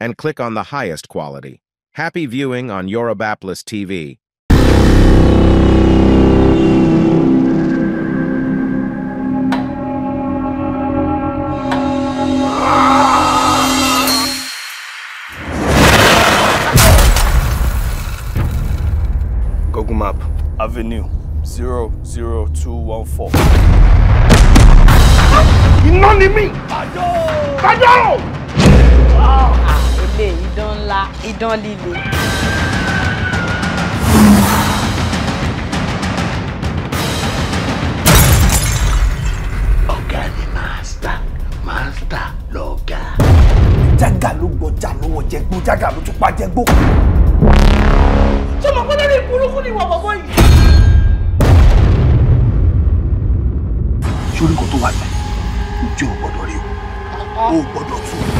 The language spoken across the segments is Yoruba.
and click on the highest quality. Happy viewing on Yorubapolis TV. Google Map, Avenue 00214. None me! Badoro! Badoro! Ah. líle idán ńlá idán líle. ọ̀gá ni màásítà màásítà lọ̀gá. jágà ló gbọjà lọ́wọ́ jẹgbó jágà ló tún pa jẹgbó. ṣé mo kọ́ lórí burúkú ni ìwọ bọ̀bọ̀ yìí. sórí kò tó wà gbà ìjọ ò gbọ́dọ̀ rí o ò gbọ́dọ̀ tún o.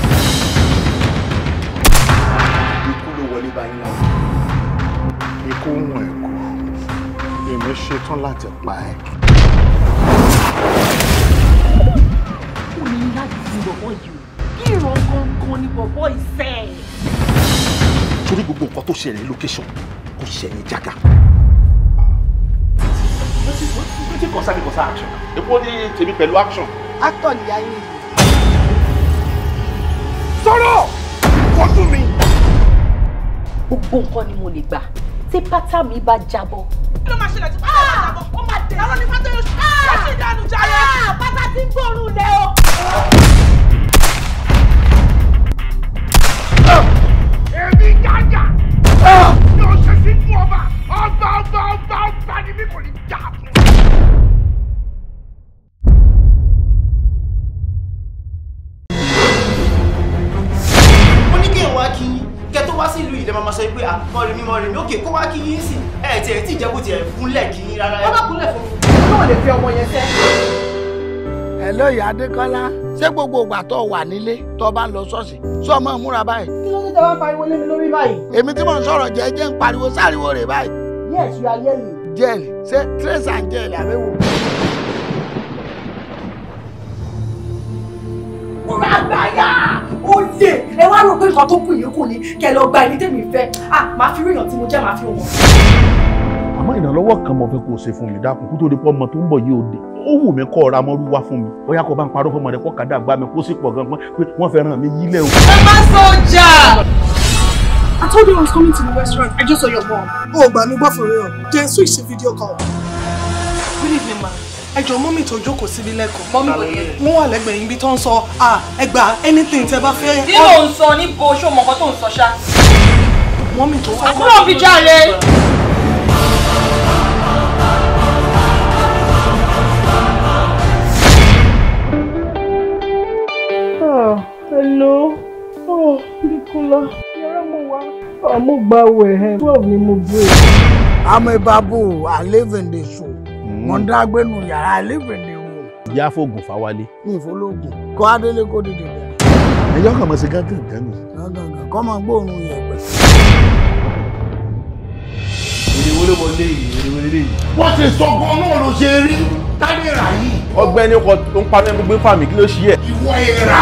wọlé báyìí náà. ikú ń wọ̀ ẹ̀kọ́ èmi ṣetán láti pa ẹ́. ó ní láti fi bọ̀bọ̀ yìí o kí ìran gangan ni bọ̀bọ̀ ìṣe. torí gbogbo nǹkan tó ṣẹlẹ̀ lókẹ́sọ̀n kò ṣẹ̀yìn jágà. wetin concern me concern action èpo ní tèmi pẹ̀lú action. actor nìyá yín. sọ̀rọ̀ kọjú mi gbogbo nǹkan ni mo lè gbà tí pátá mi bá jábọ́. kí ló máa ṣẹlẹ̀ tí pátá bá jábọ́ ah! ó máa dé lọ́rọ́ ní pátá yóò ṣe ah! ṣe ìdánù jáde. Ah! pátá ti ń gbóòórùn lẹ o. èmi gàgà yóò ṣe sí fún ọba ọba ọba ọba ọba ni mi kò ní já fún. mo kẹ tó wá sí ìlú ilẹ̀ màmá sọ pé mọ̀rẹ̀mí mọ̀rẹ̀mí òkè kó wá kí yín sí ẹ̀ tiẹ̀ tí ìjẹ́bù tiẹ̀ gúnlẹ̀ kí yín rárá. wọ́n bá fún mi náà lè fi ọmọ yẹn sẹ́. hello ìyá adékọ́lá ṣé gbogbo ìgbà tó wà nílé tó bá lọ ṣọ́ọ̀ṣì sọ ọmọ múra báyìí. kí ló ń tẹ wá pariwo lé mi lórí báyìí. èmi tí mò ń sọ̀rọ̀ jẹ́jẹ́ ń pariwo sáriwo rè báyìí. yes you are yelling. jẹ́ẹ̀lì ṣé trace and jẹ́ẹ̀lì àbẹ̀wò. bàbá yá dé ẹ wá rò pé nǹkan tó kù yìí kù ni kẹ lọ gba ẹni tèmi fẹ́ ah màá fi ríyàn tí mo jẹ́ màá fi wọn. àmọ́ ìrànlọ́wọ́ kan mo fẹ́ kó o ṣe fún mi dákun kó tó di pọ́ ọmọ tó ń bọ̀ yìí ò dé ó wù mí kọ́ ọ̀ra mọ́rú wá fún mi bóyá kó bá ń parọ́ fún ọmọ rẹ kó kàdá gbá mi kó sì pọ̀ gan-an pé wọ́n fẹ́ ràn mí yílẹ̀ o. ẹ má sọjà. I told you I was coming to the restaurant. I just saw your mom. Oh, gbà mí gbọ́ for real. Then switch to video call. Good evening, ẹjọ mọ́mì tó jókòó síbi lẹ́kọ̀ọ́ mọ́mì wò lè wọ́n wà lẹ́gbẹ̀ẹ́ yín bí tó ń sọ à ẹgbà anything tẹ bá fẹ́. tí mò ń sọ níbo ṣó mọ tó ń sọ ṣá. mọ́mì tó wà. àkúrò fi jáde. Ah, hello oh Bíkúnlá yàrá mo wá. ọmọ ah, gbàwẹ̀ twelve ni I'm a babu. I live in the show. Mm. mo ń dágbénu yàrá ilé ìpèdè wọn. ìyá fògùn fáwálé. ní ìfọlọ́gùn kọ́ adélé kó dìde bẹ̀rẹ̀. ẹjọ́ kàn mọ̀ sí gángan gángan. gángan kọ́ máa gbóòórùn yẹ̀pẹ̀. èrè wọlé wọlé yìí èrè wọlé yìí. wọ́n ti sọ gan-an náà ló ṣe rí tádéra yìí. ọ̀gbẹ́ni kò tó ń parí gbogbo fàmì kí ló ṣe yẹ. ìwọ ìrà.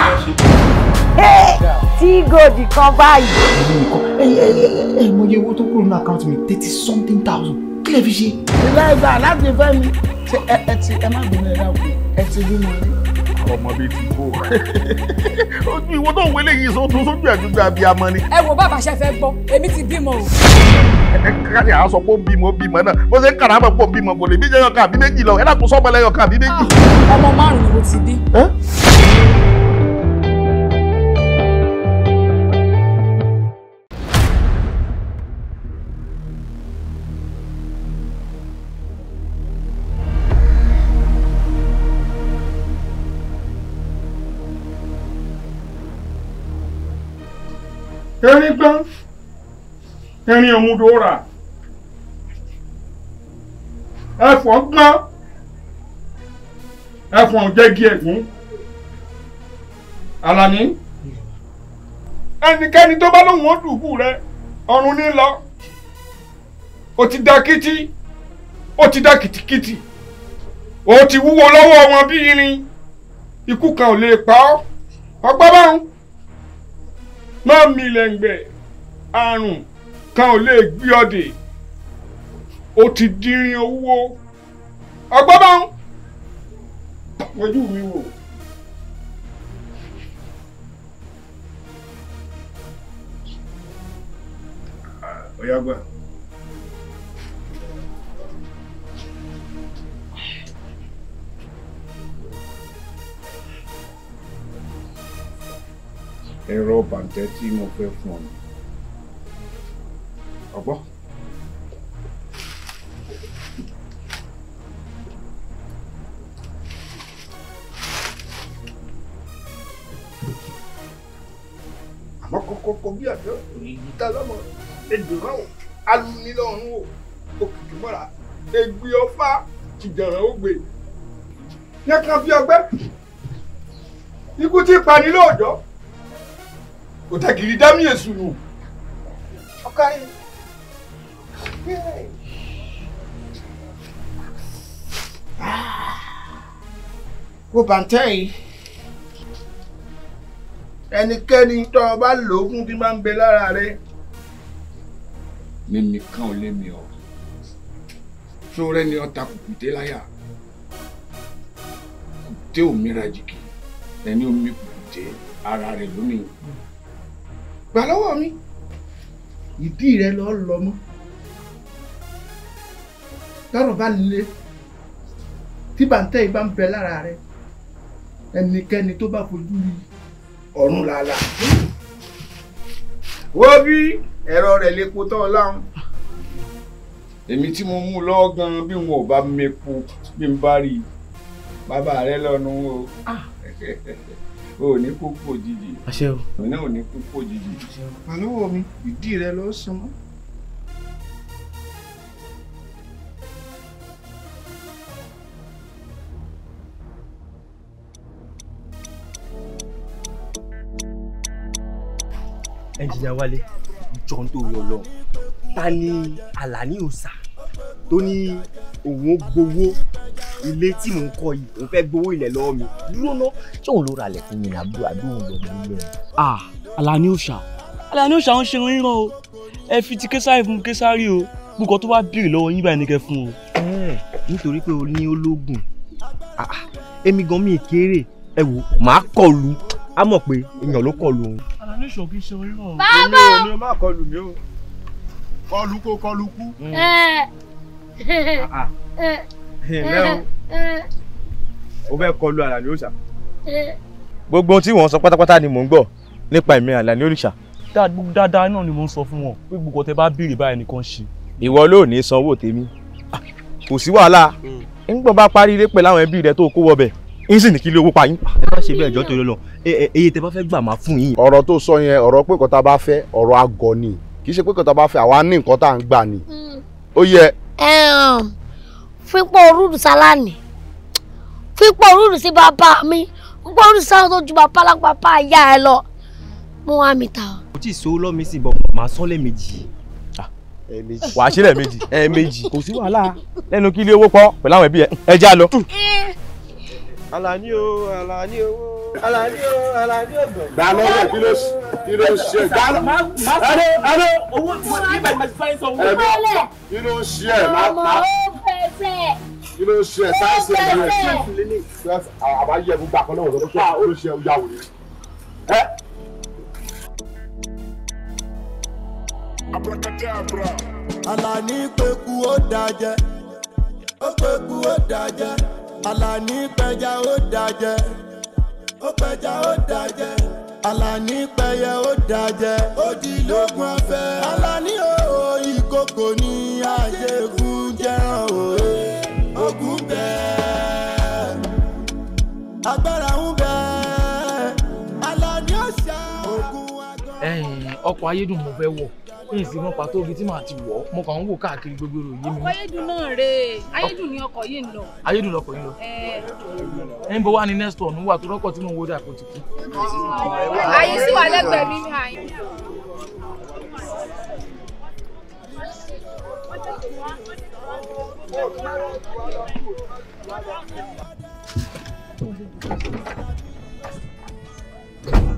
tí gòdì kan báyìí. ẹ̀yin ẹ̀yin ẹ̀yin mo yẹ owó tó kúrò ní àkáǹtì mi thirty something thousand kí lè fi ṣe. ìlàjà láti fẹ́ mi ṣe ẹ ti ẹ má bínú ẹ dáko ẹ ti bí mo ọmọ bíi ti kó ojú ìwọ tó ń wọlé yìí sótú sójú àdúgbò abiyamọ ni. ẹ wo bàbá ṣe fẹ́ gbọ́ èmi ti bímọ o. ẹ kárí àwọn sọ pé ó bímọ bímọ náà bó ṣe ń kàrà mọ̀ pé ó bímọ kò lè bí jẹ́yọ̀ kan àbí méjì lọ ẹ dàkú sọ́mọ lẹ́yọ̀ àbí méjì. Ah, ọmọ márùn-ún ni mo ti bí. erin gbọ́n erin òun ló rà ẹ̀fọ́ gbọ́n ẹ̀fọ́ jẹ́gi ẹ̀gún Àlàní ẹnikẹ́ni tó bá lóun ó dùbù rẹ ọ̀run ní lọ ó ti da kítí ó ti da kìtìkìtì ó ti wúwo lọ́wọ́ wọn bí irin ikú kan ò lè pa ọ́ ọgbọ́n báwọn má mi lẹ́ngbẹ̀ àrùn kan ò lè gbé ọ̀dẹ̀ ó ti dírin owó ọgbọ́n bá mi wò. Oya gba. ẹ̀rọ bàǹtẹ́ tí mo fẹ́ fún ọ ọgbọ́. àmọ́ kọ́kọ́kọ́ bí àjọ ìyí tá lọ́mọ ẹgbẹ̀rún àwọn alùnílọ́run o òkìkí mọ́ra ègbì ọ̀fà tìjàrà ó gbé yẹ kan fi ọgbẹ́ ikú tí pani lóòjọ́ òtẹ̀gìrì dámì èṣù nù. ọ̀kárí. wo bàǹtẹ́ yìí ẹnikẹ́ni tó o bá lòókùn tí máa ń bẹ lára rẹ mímí kan ò lé mi ọ̀ sóore ni ọta kùkùté láyà kùkùté òmìnira jìkì ẹni omi kùkùté ara rẹ lómi. Mm gbà lọ́wọ́ mi ìdí rẹ lọ́ọ́ lọ mọ́ tọ́rọ̀ bá le tí bàǹtẹ́ yìí bá ń bẹ lára rẹ ẹnikẹ́ni tó bá fojú rí ọ̀run làálà. wo bí ẹ̀rọ rẹ̀ lè po tán láwọn èmi tí mo mú lọ́wọ́ gan bí wọn ò bá mepo bí n bá rí bàbá rẹ lọ́nu o. Ah. o ò ní kú òjijì. àṣẹ o. òun náà ò ní kú òjijì. àṣẹ o. àlọ́wọ́ mi ìdí rẹ ló sún mọ́. ẹnjìnìá wálé jọ ń torí ta ni Àlàní òòsà tó ní òun gbowó ilé tí mò ń kọ́ yìí òun fẹ́ gbowó ilẹ̀ lọ́wọ́ mi dúró ná ṣé òun ló ra àlẹ̀ fún mi nàbó àdúrà lọ mọ ilé ah Alani Òòṣà Alani Òòṣà ń ṣe ríran o ẹ fi ti késàrì fún késàrì o gbogbo tó bá béèrè lọ́wọ́ yín báyìí ní kẹ́ fún o. nítorí pé o ní ológun èmi gan mi kéré ẹ wò máa kọlu á mọ̀ pé èèyàn ló kọlu òun. Alani Òòṣà kì í ṣe ríran o. bàbá o ní o má kọlu mi o kọlu kó kọlu kú ẹ̀lẹ́ o o fẹ́ kọlu Àlàní òrìṣà. gbogbo ohun tí wọ́n sọ pátápátá ni mò ń gbọ́ nípa ẹ̀mí Àlàní òrìṣà. dáadáa náà ni mo ń sọ fún wọn pé gbogbo tẹ bá béèrè báyìí nìkan ṣe. ìwọ ló ní sanwó tèmi ah, kò sí wàhálà ńgbọ́n hmm. bá parí ilé pẹ̀lú àwọn ẹbí rẹ tó kó wọbẹ̀ ń sì ní kí ilé owó pa yín. ẹ bá ṣe bẹ́ẹ̀ jọ́ torí lọ eye tẹ bá fẹ́ gbà máa fún yín. ọ̀rọ̀ tó sọ yẹn ọ̀rọ̀ pé kọ́ta bá fẹ́ ọ̀rọ̀ àgọ́ ni kì í ṣe pé kọ́ta bá fẹ́ àwa ní nǹkan tá à ń gbà ni hmm. ó yẹ um, fipò orúurú sálánì fipò orúurú sí bàbá mi fipò orúurú sálánì tó ju bàbá lápapá ìyá ẹ lọ mo wá mi ta. kò tí ì sọ lọ́mí sí ìbọn màá sọ lẹ́ẹ̀mejì. Ah, wàá ṣe lẹ́ẹ̀mejì. ẹ̀ẹ̀mejì kò sí wàhálà lẹ́nu kí ilé owó pọ̀ pẹ̀lú àwọn ẹbí ẹ ẹ já lọ. Eh, Alani o Alani o Alani o Alani o gbẹ. gba lọ́wọ́ kí ló kí ló ṣe gba lọ́wọ́. alo alo owó ibà ìmọ̀ ìfọ̀ ìsọ̀ owó. ẹ̀mí kí ló ṣe ẹ̀ máa máa. kí ló ṣe ẹ̀ sáà ṣe ẹ̀ ṣe àbá yẹ fún gbàgbọ́ lọ́wọ́ lọ́wọ́ tó kí ló ṣe ẹ̀ yàwó ni. Abracadabra. Alani ó dájẹ́ ó peku ó dájẹ́. Àlàní pẹja O dàjẹ o pẹja o dàjẹ Àlàní pẹyẹ o dàjẹ ó di lógun afẹ Àlàní o ìkòkò ní àjẹgùn jẹran òye ogun bẹ́ẹ̀ agbára ń bẹ́ẹ̀ Àlàní ọ̀sà ogun agbára. ẹyin ọkọ̀ ayédùn mo fẹ́ wọ̀ ìsìn mọ́ pàtó ogi tí màá ti wọ̀ mo kàn ń wò káàkiri gbogbo rò yé mi. ọkọ̀ ayédùn náà é ayédùn ni ọkọ̀ yìí ń lọ. ayédùn lọkọ̀ yìí ń lọ. ẹ ń bọ̀ wá ní next one wà tó rọ́kọ̀ tí mo wo dà kó ti kú. àyè sí wà lẹ́gbẹ̀ẹ́ mi ní àyè. Thank you.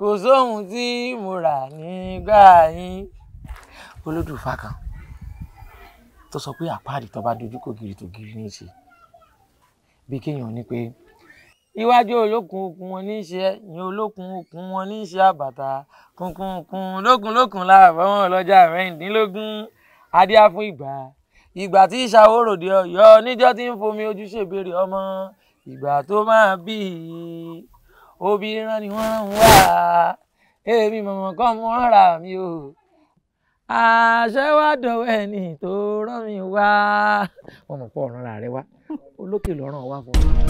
kò sóhun tí mo rà nígbà yín. olódùfà kan tó sọ pé àpáàdì tó bá dojú kò gírí tó gírí ní í ṣe bí kéèyàn ní pé iwájú olókun okun wọn ní í ṣe ẹ̀yìn olókun okun wọn ní í ṣe àbàtà kunkunkun lókunlókun láàbọ̀wọ̀n ọlọ́jà mẹ́rìndínlógún adíá fún ìgbà ìgbà tí ìṣàwòròdì Ọ̀yọ́ níjọ́ tí ń fomi ojú ṣèbéèrè ọmọ ìgbà tó máa bí i obìnrin náà ni wọ́n ń wá èmi mọ̀mọ́ kọ́ mọ́ ra mi o àṣẹ wá dọ̀wọ́ ẹni tó rán mi wá. wọn mọ̀ pọ̀ ọ̀ràn rẹ̀ wá olókè lọ́rùn wá fún mi.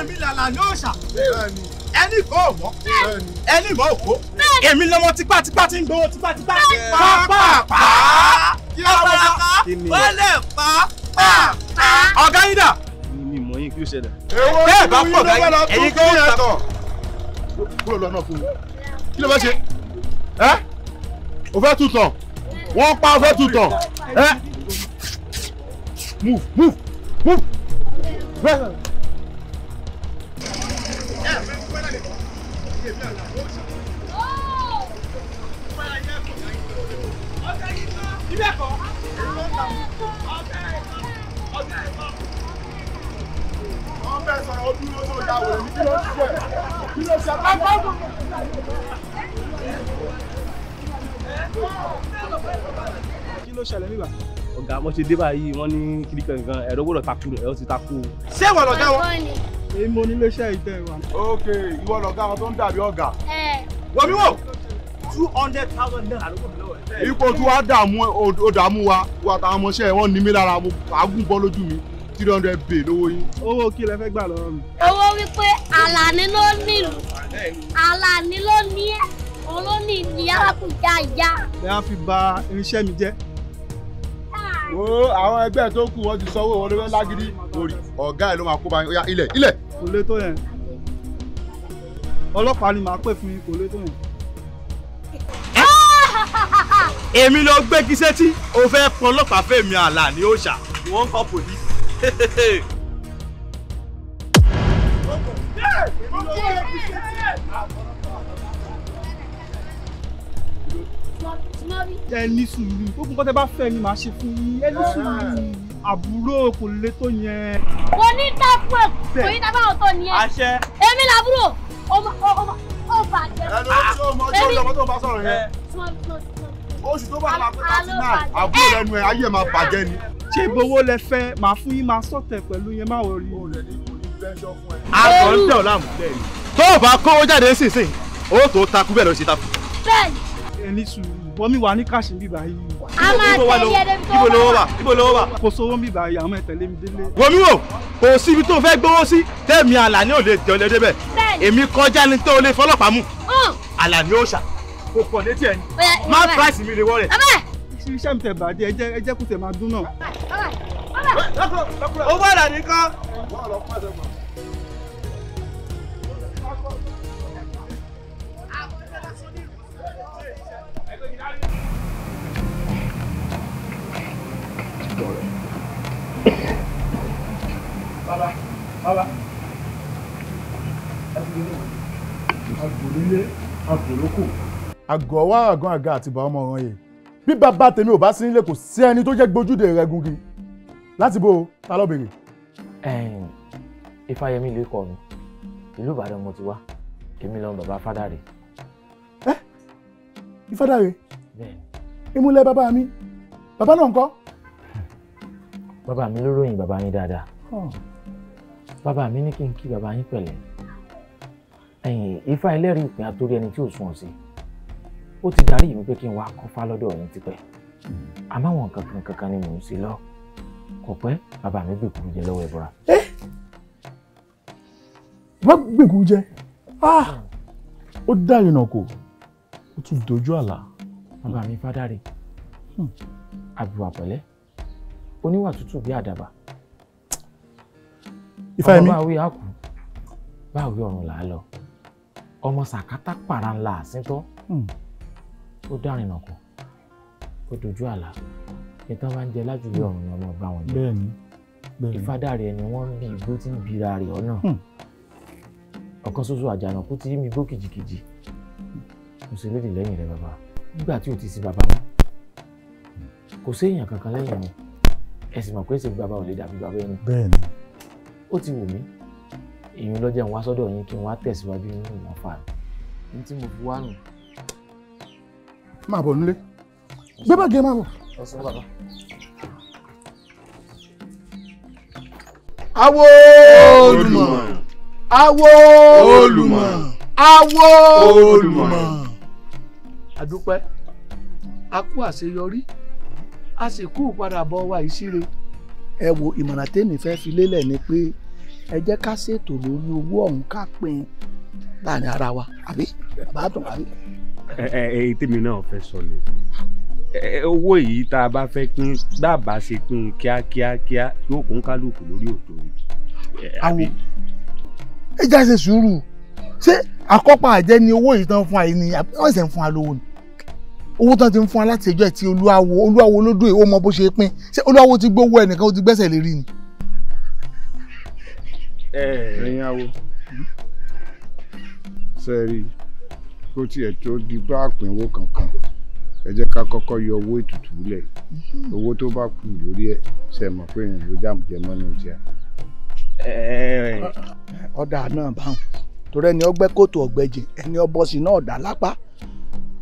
èmi làlà ní òòṣà ẹni kò mọ ẹni mọ òkó èmi lọmọ tipátipá ti ń gbowó tipátipá pápápá kí ọ̀rọ̀ ká wọ́n lè pa pápá. ọ̀gá yín dà. mi mọ yín kí ó ṣẹlẹ̀. bẹ́ẹ̀ bá pọ̀ gáyé ẹ̀yin kí ó yàtọ̀. kúrò lọ́nà fún mi kí ló fẹ́ ṣe ẹ́ o fẹ́ tún wọ́n pa o fẹ́ tún tàn ẹ́ move move move. ilé ẹ̀kọ́ ọ̀gá ẹ̀kọ́ ọ̀gá ẹ̀kọ́. wọ́n fẹ́ sọ̀rọ̀ ojú ló tó dáwọ̀ èmi kí ló ń ṣe kí ló ṣe ṣẹlẹ̀ nígbà. ọ̀gá wọn ṣe dé báyìí wọ́n ní kiri kankan ẹ̀rọ gbọ́dọ̀ takú ẹ̀rọ ti takú. ṣé ìwọ lọ̀gá wọn. èmi mo nílé iṣẹ́ ok ìwọ lọ̀gá wọn tó ń dàbí ọ̀gá. wọ́n two hundred thousand naira ló kò fi lọ́wọ́ ẹ̀. ipò tí wàá dààmú ó dààmú wa wà táwọn ọmọọṣẹ́ wọn ní mi lára mo àágùn bọ́ lójú mi three hundred bay lówó yín. owó kí lẹ fẹ́ gbà lọ́wọ́ mi. owó wípé Àlàní ló nílùú Àlàní ló ní ẹ olóní ni alákùnjà ìyá. ẹ á fi bà irinṣẹ́ mi jẹ́. wo àwọn ẹgbẹ́ tó kù wọ́n ti sanwó wọn ló fẹ́ lágídí orí ọ̀gá ẹ̀ ló máa kó ba ilẹ̀ ilẹ̀. kò lè tó yẹn ọlọ́pàá ni màá pè fún yín kò lè tó yẹn èmi ló gbé kí sétí o fẹ́ pọn ọlọ́pàá fèmí àlà ní òòṣà wọ́n ń kọ́ pòlí. ẹni sùúrù gbogbo nǹkan tẹ bá fẹ́ ni màá ṣe fún yín ẹni sùúrù àbúrò kò lè tó yẹn. kò ní tá fún ẹ kò ní tá bá ọ̀tọ̀ ni ẹ. àṣẹ. èmi làbúrò ọmọ ọmọ ọmọ bàjẹ́. ẹni tí ó mọ ọjọ́ ọmọ tó bá sọ̀rọ̀ yẹn oṣù tó bá máa pé thirty nine àbúrò lẹ́nu ẹ̀ ayé máa bàjẹ́ ni. ṣé gbowó lẹ fẹ́ màá fún yín máa sọ̀tẹ̀ pẹ̀lú yẹn máa wọrí. àgọ́ ń tẹ̀ ọ́ láàmú tó o bá kówó jáde sínsìn ó tó takú bẹ́ẹ̀ ló ṣe takú. bẹ́ẹ̀ni. ẹni sùúrù wa ní káàṣì ń bíbá yìí. a máa tẹ̀lé ẹni tó wà. ibo lówó wà ibo lówó wà. kò sówó ń bíbá yìí àwọn ẹ̀tẹ̀lé mi délé. wòmí wò kò sí tó fẹ́ gbowó sí tẹ̀mí kò kọ̀ létí ẹ̀ ni má price mi lè wọ́ iṣẹ́ mi tẹ̀ bàjẹ́ ẹ jẹ́ kó tẹ̀ máa dún náà. ó bọ̀dọ̀ nìkan. Baba, baba agbòrò ilé agbòrò kò àgọ́ wa àgọ́ àga àtibá ọmọ ọ̀ràn yìí bí bàbá tèmi ò bá sí nílé kò sí ẹni tó jẹ́ gbójúde rẹ gungi láti bó ta ló béèrè. ifáyẹmí ló kọ mi ìlú ìbàdàn mo ti wá èmi lọ bàbá fádàrè. ẹ ifádàrè ìmúlẹ̀ bàbá mi bàbá náà ń kọ́. bàbá mi ló ròyìn bàbá yín dáadáa bàbá mi ní kí n kí bàbá yín pẹ̀lẹ́ ẹ̀yìn ifá ẹlẹ́rìí ìpín àtórí ẹni tí ò sùn sí ó ti darí mi pé kí n wá kọ́fá lọ́dọ̀ òun tipẹ́ àmọ́ àwọn kankan kankan ni mò ń ṣe lọ kò pẹ́ bàbá mi gbèkúrú jẹ lọ́wọ́ ìbúra. ẹ bá gbèkúrú jẹ ah! ó dá ìrìnà kò ó tún dojú àlá. bàbá mi fádàrí hmm. àbíwá pẹ̀lẹ́ oníwà tútù bí àdàbà. ìfà ẹ̀mí ọmọ báwí àkú báwí ọ̀run là á lọ ọmọ sàkátà pàrà ńlá àsìntọ́. Hmm ó dárìn nàkọ ó dojú àlá ìtàn bá ń jẹ lájúlé ọ̀run ni ọmọ ọba wọn jẹ ìfádàrí ẹni wọ́n ń bí igbó tí ń bira rẹ̀ ọ̀nà hmm. ọ̀kan ṣoṣo àjànàkú tí ń mi igbó kìjìkìjì mo ṣe lédè lẹ́yìn rẹ̀ bàbá nígbà tí ò ti sí bàbá mọ́ kò séèyàn kankan lẹ́yìn mi ẹ sì mọ̀ pé ṣe bàbá ò lè dàbí bàbá ẹni. bẹ́ẹ̀ni. ó ti wù mí èyí lọ́jọ́ ń wá sọ́dọ̀ yín kí n wá tẹ̀síwájú nínú ìwọ̀nfà mi ní tí mo fi wá nù ma bụ nle. gbé gị ma bọ̀. awo olùmọ̀ a kú àṣeyọrí a sì kú ìpadàbọ̀ wa ìṣíre ẹ wo ìmọ̀ràn tèmi fẹ́ fi lélẹ̀ ni pé ẹ jẹ́ ká ṣètò lórí owó ọ̀hún ká èyí tèmi náà fẹ́ sọ ni owó yìí tá a bá fẹ́ pín bàbá ṣe pín kíákíá kíá yóò kún kálukú lórí òtò yìí. àwọ ẹ já ṣe sùúrù ṣé àkọ́pà àjẹ́ ni owó yìí tán fún àyè ni wọ́n sì ń fún wa lówó ni owó tán ti ń fún wa láti ẹjọ́ ẹ̀ tí olúwawo olúwawo lódò yìí ó mọ bó ṣe pín ṣé olúwawo ti gbówó ẹnìkan ó ti gbẹ́sẹ̀ lérí ni. ẹ̀yin awo sẹ́ẹ̀rì kó tiẹ̀ tó di bá àpínwó kankan ẹ jẹ́ ká kọ́kọ́ yọ owó ètùtù lẹ̀ mhm. owó tó bá kù lórí ẹ̀ ṣe mọ̀ pé èèyàn ló dààmú jẹ mọ́ ní ojú ẹ̀. ọ̀dà náà báwọn torí ẹni ọgbẹ́ kòtò ọ̀gbẹ́jì ẹni ọbọ̀sì náà dà lápá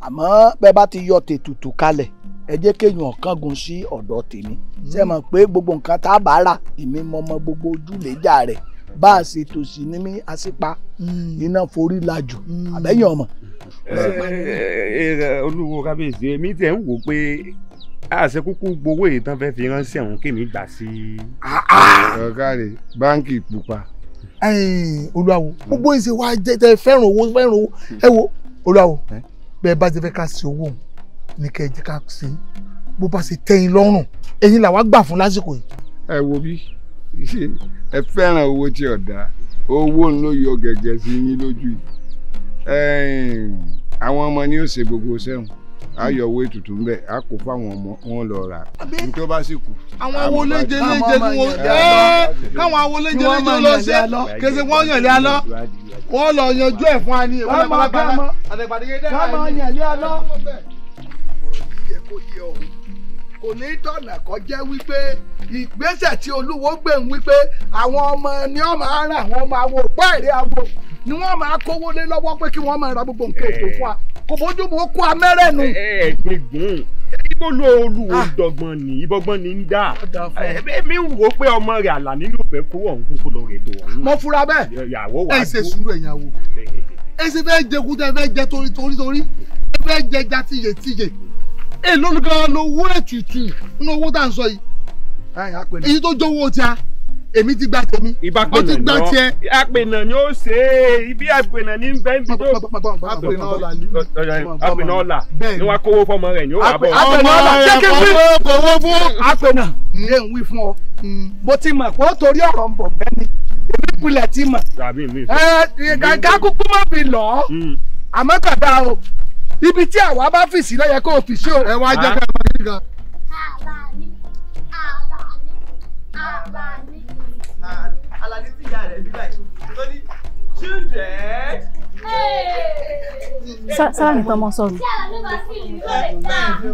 àmọ́ bẹ́ẹ̀ bá ti yọ tètùtù kalẹ̀ ẹ jẹ́ kéèyàn kángun sí ọ̀dọ̀ tèmi ṣe mhm. mọ̀ pé gbogbo nǹkan tá a bá rà èmi mọ gbogbo ojúlé bá a ṣe tòṣì ní mí àṣìpa mm. iná forí lajù mm. àbẹ́yìn ọmọ. olúwo kábíyèsí èmi tẹ̀ ń wò pé àṣẹ kúkú gbowó èyí tán fẹ́ fi ránṣẹ́ òun kí mi gbà sí. ọ̀gá ah, ah! rẹ̀ báńkì pupa. olúwawo gbogbo ìṣe wa jẹ́ tẹ fẹ́ràn owó fẹ́ràn owó ẹ wo olúwawo bẹ́ẹ̀ bá ti fẹ́ ká ṣe owó ní kẹ́ ẹ jẹ́ ká ṣe bó bá ṣe tẹ́yìn lọ́rùn ẹ̀yin làwa gbà fún lásìkò yìí. ẹ wo bí ẹ fẹ́ràn owó tí ọ̀dà owó ń ló yọ gẹ̀gẹ̀ sí yín lójú yìí àwọn ọmọ ni ó ṣe gbogbo sẹ́wọ̀n ayọ̀wé tutù mbẹ a kò fáwọn ọmọ wọn lọ rà ní tó bá sì kù. àwọn awo léje léje ni wọn káwọn awo léje léje lọ sí kése wọn yàn lé alọ wọn lọ yanjú ẹ fún ani ìwọlẹ pàápàá àtẹgbàdégédé náà. káwọn yàn lé alọ kò ní dọ̀nà kó jẹ́ wípé ìgbésẹ̀ tí olúwo gbé ń wípé àwọn ọmọ ni wọ́n máa ra àwọn ọmọ àwo pa èrè àwo ni wọ́n máa kówó lé lọ́wọ́ pé kí wọ́n máa ra gbogbo nǹkan ètò fún wa kò bójú mu kó amẹ́rẹ̀ nù. ẹ ẹ ibo ló olùwò ah. dọgbọn ní ibọgbọn ní ń dà mi ń wò pé ọmọ rẹ àlà nínú ìfẹ́ kó ọhún kó lọ rẹ tó ọhún. mo fura bẹ́ẹ̀ ẹ ṣe sùúrù ẹyàwó ẹ ṣe fẹ́ jẹkúta ẹ fẹ́ jẹ torítorí ẹ fẹ́ jẹ jatiyetiye èló gan lowó ètùtù nínú owó tá à ń sọ yìí èyí tó jówó ti a èmi ti gba tèmi ó ti gba tiẹ. àpènà ni ó ṣe é ibi àpènà ní bẹ́ẹ̀ bí tó. àpènà ọ̀la ni àpènà ọ̀la ni wàá kówó fọmọ rẹ̀ ni ó wà bọ̀. àpènà ọ̀la jẹ́kẹ́ fún kówó fún àpènà lè ń wí fún ọ. Hmm. mo ti mọ̀ pé ó torí ọ̀rọ̀ ń bọ̀ bẹ́ẹ̀ ni èmi pilẹ̀ ti mọ̀. ẹ kákúkú hmm. má fi lọ hmm. àmọ́ kàdá o ibi tí àwa bá fì sí lọ́yẹ kó o fì sí o. ẹ wá jẹ́ ká ẹ máa kí gan. Àlàní Àlàní Àlàní. Àlàní ti ya rẹ̀ nígbà yìí ló ní children. sára ní tọmọ sọ̀rọ̀. ṣé àlọ́ máa fi ìlú rẹ̀ dáa. Tí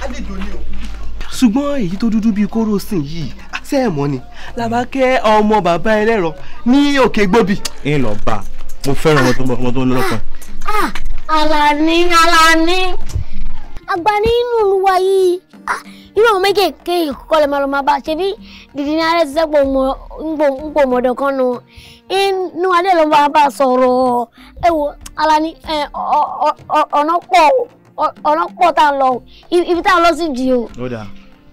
wọ́n ṣùgbọ́n èyí tó dúdú bíi kóró sìn yìí ṣé ẹ̀ mọ́ ni làbákẹ́ ọmọ bàbá ẹlẹ́rọ ní òkè gbòbí. ẹ lọ bá mo fẹ́ràn ọmọ tó ń lọ́kàn. Àlàní Àlàní àgbà nínú olúwa yìí ah, irú àwọn méjèèké ìkọ́kọ́ lè máa lọ máa bá ṣe bí dìdí ní alẹ́ ti sẹ́pọ̀ ńpò mọ̀dọ̀ kan nù inú alẹ́ ló máa bá sọ̀rọ̀ ẹ wo Àlàní ọ̀nà pọ̀ ọ̀nà pọ̀ tá a lọ ibi tá a lọ sí jì o.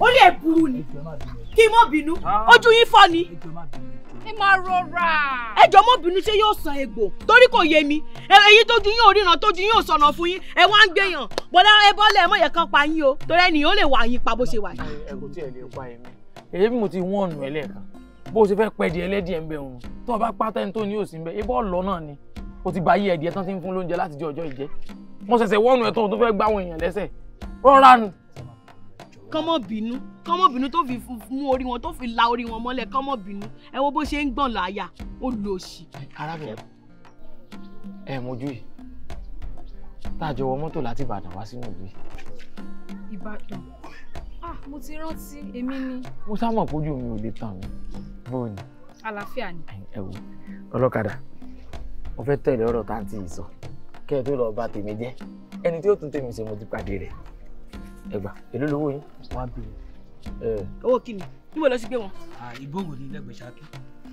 ó lè burú ni kí n mọ̀ bínú ojú yín fọ́ ni ẹ máa rọra. ẹ jọ mọ bínú ṣé yóò san egbò torí kò yé mi èyí tójú yín ò ríran tójú yín ò sọnà fún yín ẹ wá ń gbèyàn bọlá ẹ bọ́lẹ̀ ẹ mọ̀ yẹ kán pa yín o torí ènìyàn lè wà yín pa bó ṣe wà yín. ẹ kò tí ẹ lè pa èmi èyí mo ti wọ́n ọ̀nà ẹlẹ́ẹ̀kan bó ṣe fẹ́ pẹ́ di ẹlẹ́dìẹ̀ ń bẹ̀ òun tó o bá pátá ẹni tó ní òsì ń bẹ ibà ọ̀lọ́ náà ni o ti bá yí ẹ̀dìẹ̀ tán ti ń fún lóúnjẹ láti jẹ ọjọ́ ìjẹ́ mo ṣẹ̀ṣẹ̀ wọ́n ọ̀nà ẹ̀ tó o tó fẹ́ gbáwọn èèyàn lẹ́sẹ̀ rọra nù. kọ́mọ bínú kọ́mọ bínú tó fi mú orí wọn tó fi la orí wọn mọ́lẹ̀ kọ́mọ bínú ẹ wo bó ṣe ń gbọ̀n láyà ó lò sí. arábìnrin ẹ mojú yìí tá a jọ wọ mọ́tò láti ìbàdàn wá sínú ìlú yìí. ìbàdàn ah mo ti rántí èmi ni. mo sá mọ̀ pójú mi ò lè tàn mí bóun ni. àlàáfíà ni. ẹ wo ọlọ́kadà mo fẹ́ tẹ̀lé ọ̀rọ̀ táǹtì yìí sọ kẹ́ ẹ tó lọ bà tèmi jẹ́ ẹni tí ó tún tèmi ṣe mo ti pàdé rẹ̀ ẹgbà èló lówó yín. one billion. owó kí ni níbo ló ti gbé wọn. Ah, ìbòrò ni lẹ́gbẹ̀ẹ́ ṣákí.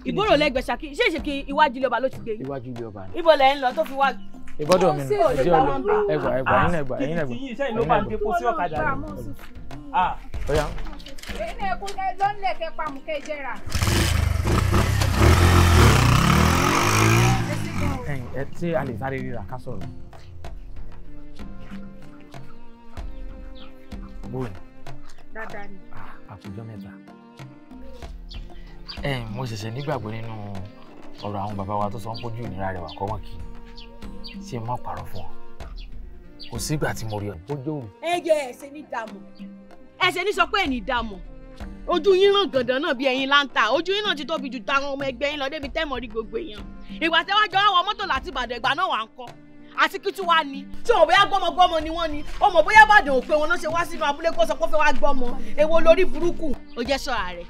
ìbòrò lẹ́gbẹ̀ẹ́ ṣákí ṣé èsì kí iwájú ilé ọba ló ti gbé yín. iwájú ilé ọba ni. ibo lẹ ń lọ tó fi wá. ìbọdọ mi ni ẹjẹ ọlọ ẹgbà ẹgbà yín ẹgbà yín ẹgbà. tìyí sẹ́yìn ló máa ń depo sí ọ̀kadà rẹ̀. Ah. ẹ̀yin ẹ̀kún lọ́nlẹ̀ kẹ́ pamọ́ kẹ́ jẹ́ra. ẹ ti a lè sáré ríra ká sọ̀rọ̀. bóò ni. dáadáa ni. àkójọ ah, mẹ́ta. ẹ mo ṣẹ̀ṣẹ̀ nígbàgbọ́ nínú ọ̀rọ̀ àwọn bàbá wa tó sọ ń pójú ìnira rẹ̀ wà kọ́mọ̀ kí ṣe mọ́ pàrọ̀ fún ọ kò sígbà tí mo rí ọ ó jó òru. ẹ jẹ ẹsẹ ní dààmú ẹsẹ ní sọ pé ẹni dààmú ojú yín ràn gàndàn náà bí ẹyin láǹtà ojú yín náà ti tóbi ju tàwọn ọmọ ẹgbẹ́ yín lọ débi tẹ́mọ̀ àti kí tí wàá ní. ṣé ọmọ bóyá gbọ́mọgbọ́mọ ni wọ́n ni ọmọ bóyá bàdàn òpin wọn náà ṣe wá sínú abúlé kó sọ pé ó fẹ́ wá gbọ́mọ èwo lórí burúkú. ó jẹ́ sọ́ra rẹ̀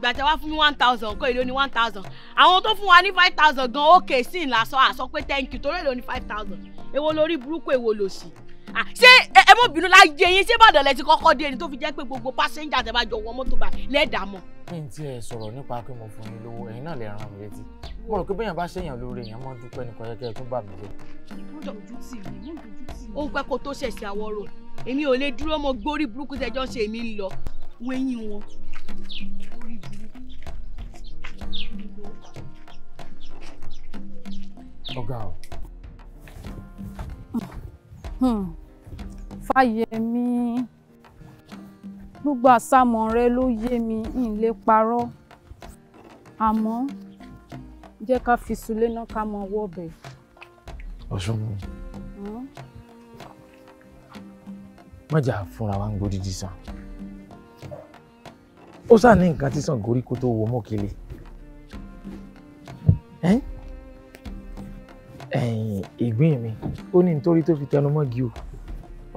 gbàtẹ́ wá fún mi one thousand kó èlò ní one thousand àwọn tó fún wa ní five thousand gan ókè sí ìlàsọ àsọ pé thank you torí èlò ní five thousand èwo lórí burúkú èwo lòsì ṣé ẹ mọ̀ bínú láyé yín ṣé ìbàdàn lẹ ti kọ́kọ́ dé ni tó fi jẹ́ pé gbogbo pásẹ́ńjà tẹ bá jọ wọ mọ́tò báyìí lẹ́ẹ̀dá mọ̀. kí n tiẹ̀ sọ̀rọ̀ nípa pé mo fún yín lówó ẹ̀yin náà lè ràn mí létí mo rò pé bẹ́yàn bá ṣèyàn lóore èèyàn mọ́ dúpẹ́ ní kọ́yẹ́kẹ́ tó bà mí jẹ́. ó ń kó tó ṣẹ̀ṣẹ̀ àwọ̀rò èmi ò lè dúró mo gbórí burúkú tẹjọ́ ṣe èmi lọ wẹ́yìn wọn. ọ̀gá ọ̀ Hmm. fàyẹmí gbogbo àsámọ̀ rẹ ló yé mi ń lè parọ́ àmọ́ jẹ́ ká fi sulé náà ká mọ ọwọ́ bẹ̀. ọ̀ṣunmú hmm. mọ̀jà fúnra wa ń gbódìdí sàn ó sàn ní nǹkan tí sàn gorí kó tó wọ mọ́kẹ́lẹ́. ìgbín mi ó ní nítorí tó fi tẹnu mọ́gi o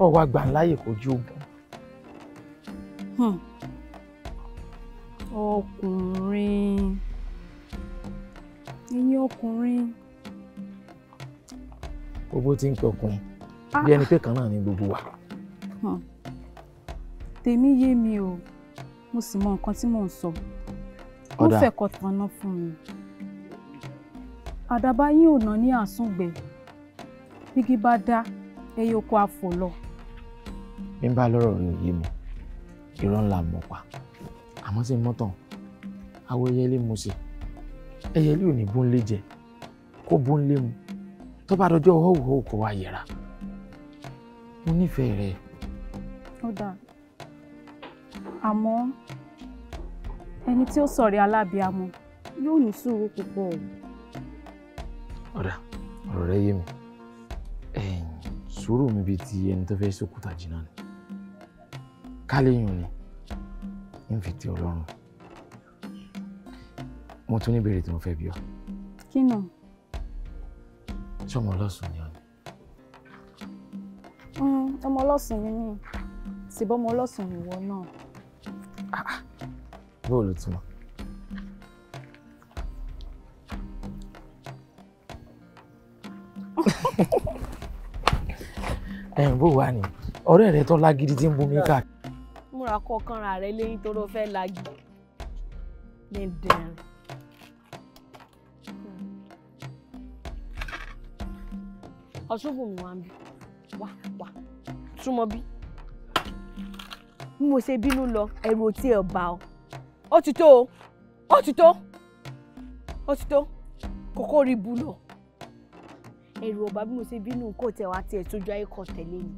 ọwọ́ àgbà ńláyè kò ju ogun. Hmm. ọkùnrin ẹ̀yin ọkùnrin. owó tí ń pẹ ọkùnrin ah. bí ẹni pé kan náà ni gbogbo wa. Hmm. tèmi yé mi o mo sì mọ nǹkan tí mò ń sọ ó fẹ́ kọ́ tanná fún mi. àdàbà yín ò ná ní àsúngbẹ bígí bá dá ẹyẹ oko àfò lọ. bí n bá lọ́rọ̀ rí òye mọ̀ irọ́ ńlá mọ̀ pa àmọ́ sí mọ́tàn àwọn ẹyẹlé mo ṣe ẹyẹlé ò ní bó ń lé jẹ kó bó ń lé mu tó bá dọjọ́ ọ̀hún kó wá yẹra mo nífẹ̀ẹ́ rẹ. ó dáa àmọ́ ẹni tí ó sọ̀rọ̀ alábìámọ yóò ní sùúrù púpọ̀ o ọ̀dà ọ̀rọ̀ rẹ yé mi sùúrù mi bíi ti ẹni tó fẹ́ sòkúta jìnnà ni káléyìn ni ń fi ti ọlọ́run mo tún ní ìbéèrè tí mo fẹ́ bi ọ́. kí nà. ṣọmọ ọlọ́sùn ni ọ ni. Hmm, ọmọ ọlọ́sùn mi ni ṣùgbọ́n ọmọ ọlọ́sùn mi wọ náà. bó o lo ti ẹ̀ ń bò wá ni ọ̀rẹ́ rẹ tó lágídí tí ń bomi káàkiri. múra kọkàn ra rẹ lẹ́yìn tó lọ fẹ́ lagi ní dẹrùn. ọ̀ṣunbùnmi wa ń bí wá wá túmọ̀ bí mo ṣe bínú lọ ẹ̀rù òtí ẹ̀ bá ọ ó ti tó ó ti tó ó ti tó kókó rí bu lọ ẹ̀rù ọ̀bá bí mo ṣe bínú kò tẹ̀ wá tiẹ̀ tójú ayé kọ tẹ̀lé mi.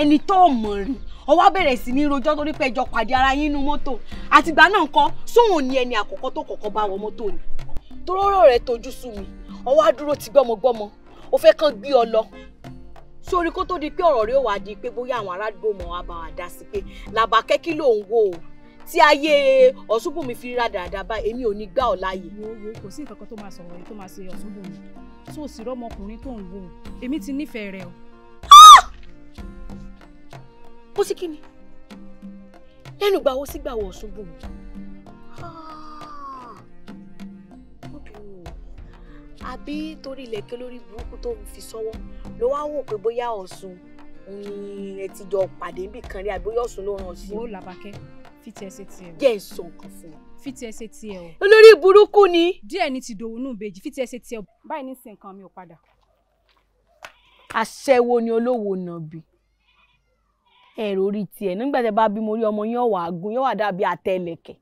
ẹni tó mọ̀ rí ọwọ́ bẹ̀rẹ̀ sí ní rojọ́ torí pé ẹjọ́ pàdé ara yín nínú mọ́tò àtìgbà náà kọ́ sóhun ni ẹni àkọ́kọ́ tó kọ́kọ́ bá wọ mọ́tò ni. toróró rẹ̀ tojú sú mi ọwọ́ àdúró ti gbọ́mọgbọ́mọ ó fẹ́ kàn gbé ọ lọ sórí kó tó di pé ọ̀rọ̀ rẹ̀ wà di pé bóyá àwọn arádùgbò mọ̀ wá bá wa dá sí pé làbàkẹ́ kí ló ń wò ó tí ayé ọ̀ṣunbùnmi fi rí rádaràda báyìí èmi ò ní gbà ọ́ láàyè. kò sí nǹkan kan tó máa sọ̀rọ̀ yìí tó máa ṣe ọ̀ṣunbùnmi tó o sì rọ́mọkùnrin tó ń wò èmi ti nífẹ̀ẹ́ rẹ o. bó sí kí ni lẹ́nu gbàwó sí gbàwó ọ̀sùn bò mí. àbí torí ilẹ̀kẹ̀ lórí burúkú tó fi sọ́wọ́ ló wá wò pé bóyá ọ̀sùn ni ẹ ti jọ pàdé níbì rí àbí bóyá ọ̀sùn ló ràn sí. wọ́n làbàkẹ́ fi tiẹ̀ tiẹ̀. jẹ́ ìsọ̀kan fún mi fi tiẹ̀ ṣe tiẹ̀ o. olórí burúkú ni. díẹ̀ ní ti dòwú nù bèjì fi tiẹ̀ ṣe tiẹ̀ o. báyìí ní sin nǹkan mi ò padà. aṣẹ́wó ni olówó nàbì ẹ̀rọ orí tiẹ̀ nígbà tí a bá bí mo ọmọ yín ọ̀wà àgùn yóò wà dàbí àtẹlẹ̀kẹ̀.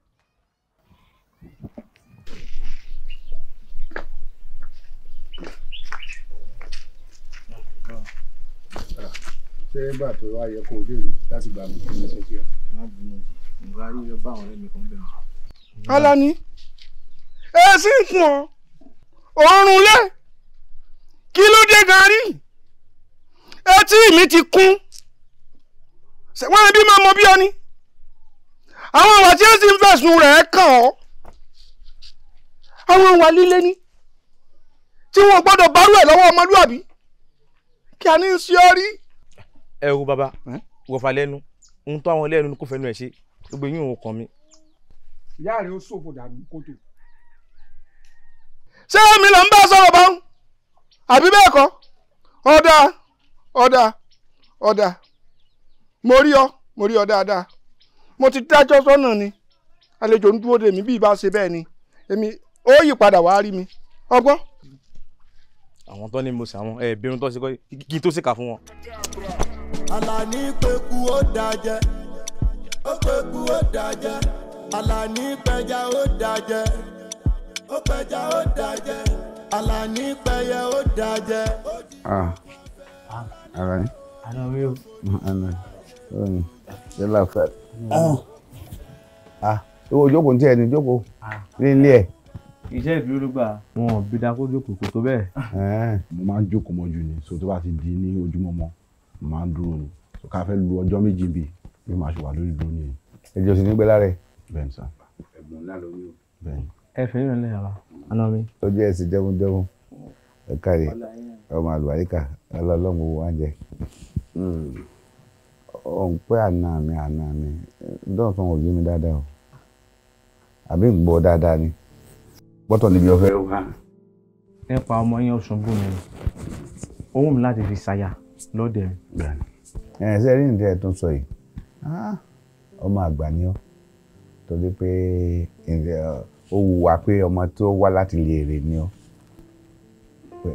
ṣé bá a tó wá yẹ kó o lè rí láti gbà mí kí n ṣe sí ọ. má bínú ìwà rí ọ àwọn ọ̀rẹ́ mi kan bẹ̀rẹ̀. Alani èsì ń kùn ọ òórùn lé kí ló dé gan rí etí mi ti kún wọ́n ẹbí máa mọ bí ọ ni àwọn ìwà tí ó sì ń fẹ̀sùn rẹ̀ kàn ọ́ àwọn ìwà líle ni tí wọn gbọ́dọ̀ bárú ẹ̀ lọ́wọ́ ọmọlúwàbí kí a ní í sí ọ rí. ẹ wo bàbá wọ̀fà lẹ́nu ń tọ́ àwọn lẹ́nu kó fẹ́nu ẹ̀ ṣe gbogbo yín òun kàn mí ìyá rẹ ó ṣòfò dànù kótó. ṣé mi là ń bá sọ̀rọ̀ bá ń àbí bẹ́ẹ̀ kọ́ ọ̀dà ọ̀dà ọ̀dà mo rí ọ mo rí ọ dáadáa mo ti dájọ́ sọ́nà ni àlejò ń dúró dè mí bí ìbá ṣe bẹ́ẹ̀ ni èmi ó yí padà wàá rí mi ọgbọ́n. àwọn tó ní mo sì àwọn ẹ bínú tó ṣe kọ́ kí n tó ṣèkà fún wọn. Àlàní pé ó dájẹ́ ó pé ó dájẹ́. Àlàní pẹja ó dajẹ ó pẹja ó dajẹ Àlàní pẹyẹ ó dajẹ. Ah. ara yín. ara mi o. ana oyin ṣe láfẹ. ìwọ jókòó tí ẹ ní jókòó ah. ní ilé ẹ. iṣẹ́ ìdúró ló gbà wọn ò bí dákó jókòó kò tó bẹ́ẹ̀. Eh. mo máa ń jókòó mọ́jú ni so tó bá ti di ní ojúmọ́ mọ́ mo máa ń dúró ni so ká fẹ́ lu ọjọ́ méjì bíi bí màá ṣe wà lórí dúró nìyẹn. ẹ jẹ́ òsì nígbẹ́ lára ẹ̀ bẹ́ẹ̀ni sá. ẹ̀gbọ́n ńlá lórí o. bẹ́ẹ̀ni. ẹ fẹ́ rẹ̀ lẹ́yìn àbá àná mi. ojú ẹ̀ sì jẹun jẹun ẹ káre ọmọ àlùbáríkà ọlọ́lọ́run wo wáńjẹ. ọ̀hún pé àná mi àná mi dọ́ọ̀tún ò yé mi dáadáa o àbí ń gbọ́ dáadáa ni gbọ́tọ̀ níbi ọ̀fẹ́ wá. nípa ọmọ yẹn oṣù bù mí ohun mi láti fi ṣàyà lóde. ẹ ṣe rí nǹkan ẹ̀ tó sọ yìí ah, ọmọ àgbà ni ọ́ torí pé ó wù wá pé ọmọ tó wá láti lè rè ni ọ pé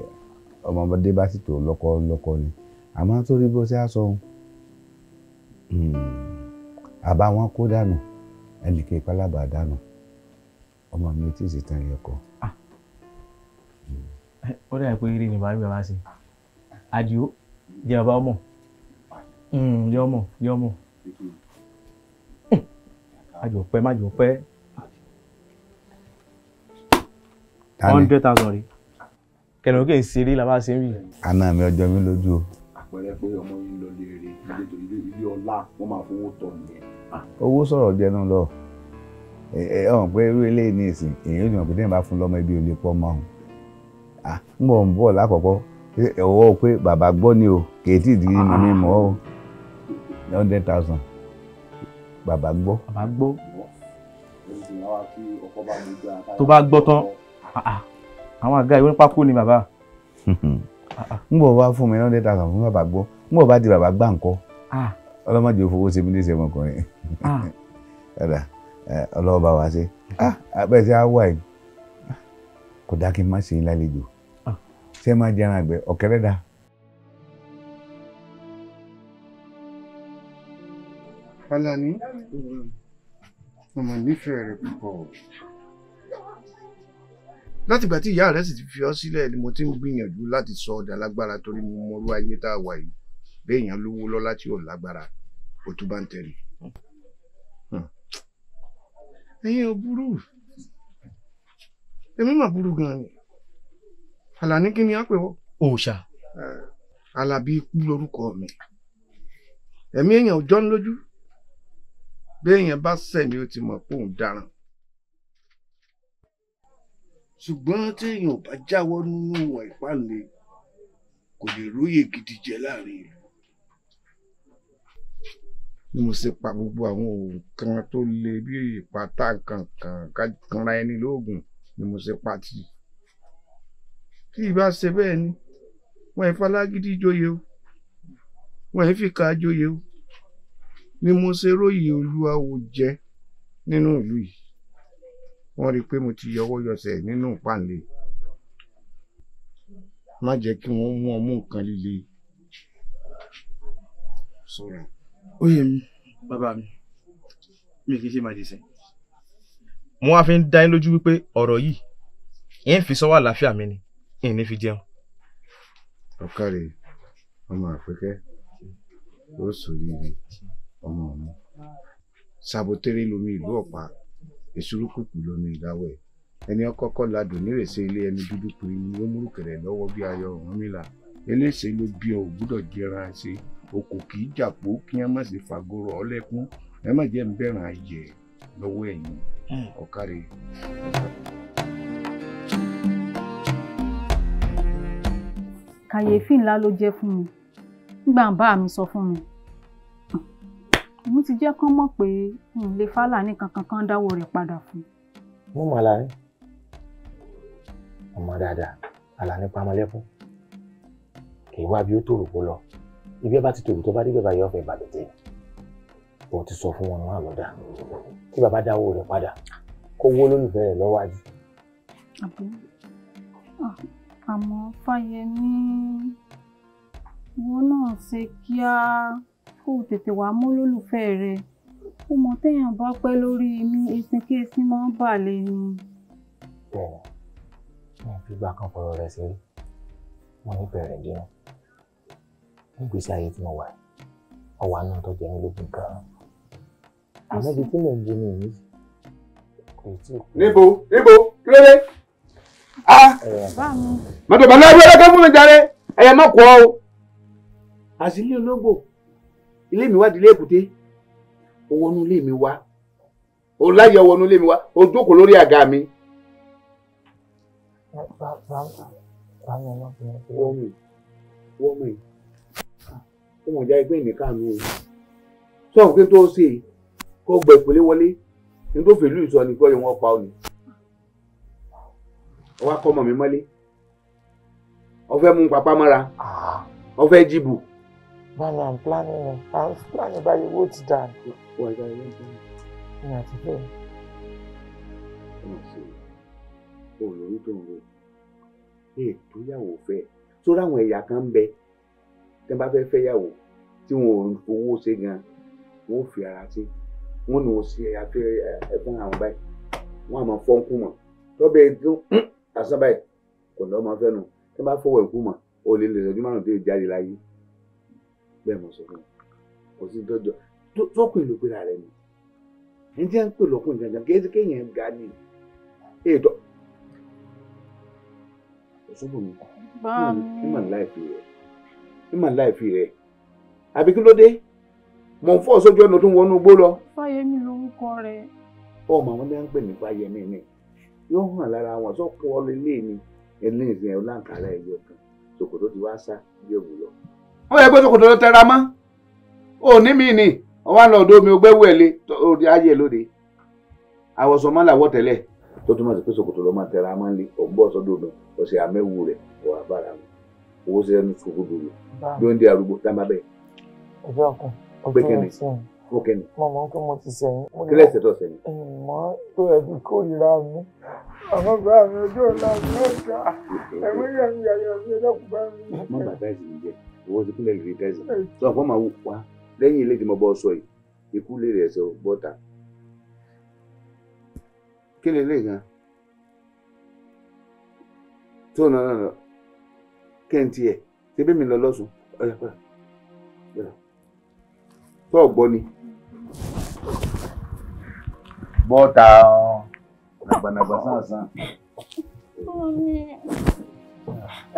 ọmọdé bá sì tó lọ́kọ lọ́kọ ni àmọ́ torí bó ṣe á sọ ohun hmm. àbá wọn kó dànù ẹnìkan ìpalábà dànù ọmọ mi tí ì sì tán yẹ kọ. Ah. Hmm. ó dàbí pé eré ni bàbá mi bàbá sí Àdìó jẹ bàbá ọmọ hmm, jẹ ọmọ jẹ ọmọ májò pẹ́ májò pẹ́ hundred thousand rí kẹlẹ òkè ń ṣeré làbá ṣe ń rí. àná mi ọjọ́ mi lójú o. àpẹẹrẹ pé ọmọ yìí lọ lè rí ilé ilé ọlá wọn máa fowó tọ nìyẹn. Ah. owó sọ̀rọ̀ jẹnu lọ ẹ ẹ ọ̀hún pé irú eléyìí ní ìsìn èyí ò mọ̀ pé téèyàn bá fún lọ́mọ ẹbí ò lè pọ́ ọmọ ọ̀hún. ń ah, bọ̀ ń bọ̀ lákọ̀ọ́kọ́ ọwọ́ pé bàbá gbọ́ ni o kèétí ìdílé mi mímọ́ o hundred thousand bàbá gbọ́. bàbá gbọ́. tó bá gbọ́ tán ah, ah. àwọn àga ìwé nípa kú ni bàbá. ń bọ̀ wá fún mi náà dẹ́ta kan fún bàbá gbọ́ ń bọ̀ bá di bàbá gbà ńkọ́ ah. ọlọ́mọdé òfowó ṣe mí léṣe ọmọkùnrin ẹ̀dà ọlọ́wọ́ bá wa ṣe abẹ́ ṣe á wà yìí kò dá kí n má ṣe yín lálejò ṣé máa jẹran àgbẹ̀ ọ̀kẹ́rẹ́ dáa. Alani ọmọ nífẹ̀ẹ́ rẹ púpọ̀ látìgbà tí ìyá rẹ sì ti fi ọ sílẹ̀ ni mo ti ń gbìyànjú láti sọ ọdà lágbára torí mo mọrú ayé tá a wà yìí béèyàn lówó lọ́lá tí ò lágbára ó tún bá ń tẹ̀lé. ẹ̀yin ò burú èmi mà burú gan-an ni Àlàní kí ni á pè wọ́. òòṣà. Alábí ikú lórúkọ mi ẹ̀mí èèyàn ò jọ́ ń lójú béèyàn bá sẹ̀mí ó ti mọ̀ pé òun dáràn ṣùgbọ́n téèyàn ò bá jáwọ́ nínú ìwà ìpáǹle kò lè róye gidi jẹ láàrin ìlú bí mo ṣe pa gbogbo àwọn nǹkan tó le bí ìpátá kankan kanra ẹni lóògùn ni mo ṣe pa tì tí ìbá ṣe bẹ́ẹ̀ ni wọ́n ẹ̀ falágídí jóye o wọ́n ẹ̀ fìkà jóye o ni mo ṣe róye olúwawo jẹ nínú ìlú yìí wọ́n rí i pé mo ti yọwọ́ yọsẹ̀ nínú ìpàlẹ má jẹ́ kí wọ́n mú ọmú nǹkan líle. oyè mi bàbá mi mi kì í ṣe màjèṣe mo wá fi ń dá yín lójú wípé ọ̀rọ̀ yìí yẹn fi sọ́wọ́ àlàáfíà mi ni ìní fi jẹun. ọ̀kàrẹ̀ ọmọ àpẹkẹ́ ó sòrí rẹ̀ ọmọ mi sabotéré lomi ìlú ọ̀pá èsúrúkùkù lomi ìdáwẹ̀ ẹni ọkọ́kọ́ ladùn nírèsé ilé ẹni dúdú pé ni ó múrùkẹ̀rẹ̀ lọ́wọ́ bí ayọ̀ Ọ̀rúnmìlà eléṣe ló bí ọ ògbúdọ̀ jẹra ṣe okò kì í jàpó kí ẹ má sì fàgọrọ ọlẹ́kún ẹ má jẹ́ ń bẹ̀ràn ayẹ lọ́wọ́ ẹ̀yìn ọ̀kárẹ̀. Hmm. kàyéfì ńlá ló jẹ́ fún mi nígbà bá mi sọ fún mi òun ti jẹ́ kán mọ̀ pé n lè fálàní kankan kan dáwọ́ rẹ̀ padà fún. mo mọ̀ Àlàní ọmọ dáadáa Àlàní pamọ́lẹ́kún kì í wá bí ó tòrò kó lọ ibi ẹ bá ti tòrò tó bá dé bẹ́ẹ̀ bá yọ ọ̀fẹ́ ìbàdàn o ti sọ fún wọn náà lọ́dà kí bàbá dáwọ́ rẹ̀ padà kó wó lólùfẹ́ rẹ̀ lọ́wájú. Ah, àmọ́ Fáyẹmí wọn náà ṣe kíá kó o tètè wàá mú lólùfẹ́ rẹ ó mọ téèyàn bá pẹ́ lórí mi esin kí esin máa ń bà lé ni. bẹ́ẹ̀ni wọn fi gbà kan fọ̀rọ̀ rẹ̀ ṣeré wọn ní bẹ̀rẹ̀ dínú nígbèsí ayé tí mo wà ọwà náà tó jẹ mí lógún gan-an àmọ́ ibi tí mò ń bomi yìí kò tí ì. níbo níbo kí ló dé. Ah! mọ̀tò bàbá ẹgbẹ́ ọlọ́kẹ́ fún mi jáde ẹ̀yẹ mọ̀kọ́ o. àṣìlẹ̀ ológbò ilé mi wá di ilé èkúté ó wọnú ilé mi wá ó láyọ̀ wọnú ilé mi wá ó jókòó lórí àga mi. wọ́n mi ó mọ̀ já ẹgbẹ́ ìnìkan nù o sọ̀rọ̀ pé tó ṣe kó gbẹ ìpínlẹ̀ wọlé ní tó fèlú ìsọ ni gbọ́ yẹn wọ́n pa ọ ni ọwọ́ akọ́mọ mi mọ́lé ọ̀fẹ́ mú papá mọ́ra ọ̀fẹ́ jìbù. Báyìí à planning ni, à planning báyìí owó ti dà. Wà ìgbà yẹn ń bá mi. Ìyá àti bẹ́ẹ̀. Ọmọ sí o lórí tó ń ro ẹ̀ tó fẹ́. Sórí àwọn ẹ̀yà kan ń bẹ tí bá fẹ́ fẹ́ yàwó tí wọn ò fowó ṣe gan wọn fi ara ṣe wọn ni wọn ṣe ẹ̀yà fẹ́ ẹ̀fọn àwọn báyìí wọn àmọ́ fọ́nkú mọ̀ tọ́bẹ̀ tó àṣà báyìí kò lọ́mọ fẹ́ nu tí bá fọwọ́ ìkú mọ̀ o lè lè sọ́jú márùn-ún tó bẹ́ẹ̀ mo sọ fún ọ kò sí dọ́jọ́ tọ́kùn ìlú pera rẹ ni ẹni tí wọ́n ń pè lọ́kùn gangan kì kéèyàn ga ni èèdọ́ òṣùbù mi ìmọ̀ láìfi rẹ̀ ìmọ̀ láìfi rẹ̀ àbí kí ló dé mọ̀ ń fọ́ sójú ọ̀nà tó ń wọnú igbó lọ. fáyemí lorúkọ rẹ. ọmọ àwọn tí wọ́n ń pè ní fáyemí ni yóò hàn lára wọn sọ́kùn ọ lélẹ́ẹ̀ni ẹni ìsìn ẹ̀ láǹkàrà ẹ̀yọ̀ kan ṣòkòtò ti wá sá bí òwúrọ̀ ó yẹ pé sòkòtò ló tẹra mọ́ òní mi ni wọ́n wá lọ ọ̀dọ̀ mi ò gbẹ́wò ẹ̀ lé òde ayé lóde àwọ̀sọ máa ń làwọ̀ tẹ́lẹ̀ tó túmọ̀ sí pé sòkòtò ló máa tẹra mọ́ lé òun bọ̀ sọ́dọ̀ mi ọ̀sẹ̀ àmẹ́wò rẹ̀ wà bára mi owó sí ẹnu sòkòtò rẹ̀ bí ó ń di arúgbó tá a máa bẹ̀. ọjọ́ ọkàn ọjọ́ ọ̀sẹ̀ mo kẹ́ni. mo mọ̀ pé mo ti sẹ̀yìn. kílẹ̀ ṣètò sẹ̀yìn. ìmọ̀ tó ẹ̀bí kórìíra mi àmọ́ bá mi ojú ọ̀la mi ọ̀gá ah, ẹ̀mí yẹn yàyà mi ẹ̀dọ́kùnrin mi. má bàtà ìsìn jẹ owó ti kúlẹ̀ lórí tẹ́sí tó hmm. àpọ̀ máa wá lẹ́yìn ilé tí mo bọ́ sọ yìí ikú lè rẹ̀ sọ bọ́ta kí ni ilé gan tó nà nà nà kẹ́ntì ẹ̀ ṣebí mi lọ lọ́sùn ọ̀yà padà padà tó ọ̀gbọ́ ni bọ́ta nàgbànàgbà sàn sàn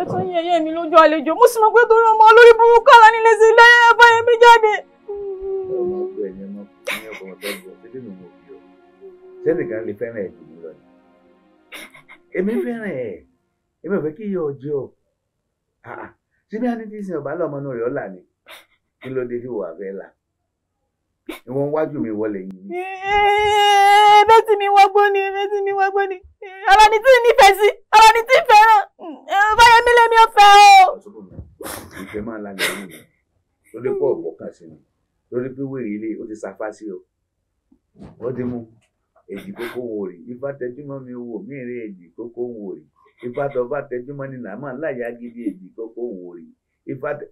ẹ tún yín ẹyẹ mi lójú àlejò mo sì mọ̀ pé torí ọmọ olórí burúkú àlá nílé sí ilé ẹ bá yẹn mi jáde. èmi fẹ́ràn ẹ̀ èmi ò fẹ́ kí yọ ọjọ́ ṣé bí a ní tí sin ọba lọ́mọ inú rẹ̀ ọ̀la ni kí ló dé tí wò fẹ́ là ìwọ ń wájú mi wọlé yìí. ẹbẹ́ eh, tí mi wọ́gbọ́n ni ẹbẹ́ tí mi wọ́gbọ́n ni eh, ọ̀rọ̀ ni tí nífẹ̀ẹ́ sí ọ̀rọ̀ ni tí fẹ́ràn fáyemí eh, lèmi ò fẹ́ o. ìfẹ́ máa lálẹ́ yìí lórí pọ̀ ọ̀pọ̀ kan sí mi lórí pé wèrè ilé ó ti safá sí o wọ́n ti mú èjì kókó wò rí ifá tẹjúmọ́ mi wò mí rí èjì kókó wò rí ifá tó bá tẹjúmọ́ ni nàmá láyà gidi èjì kókó wò rí ifá tẹ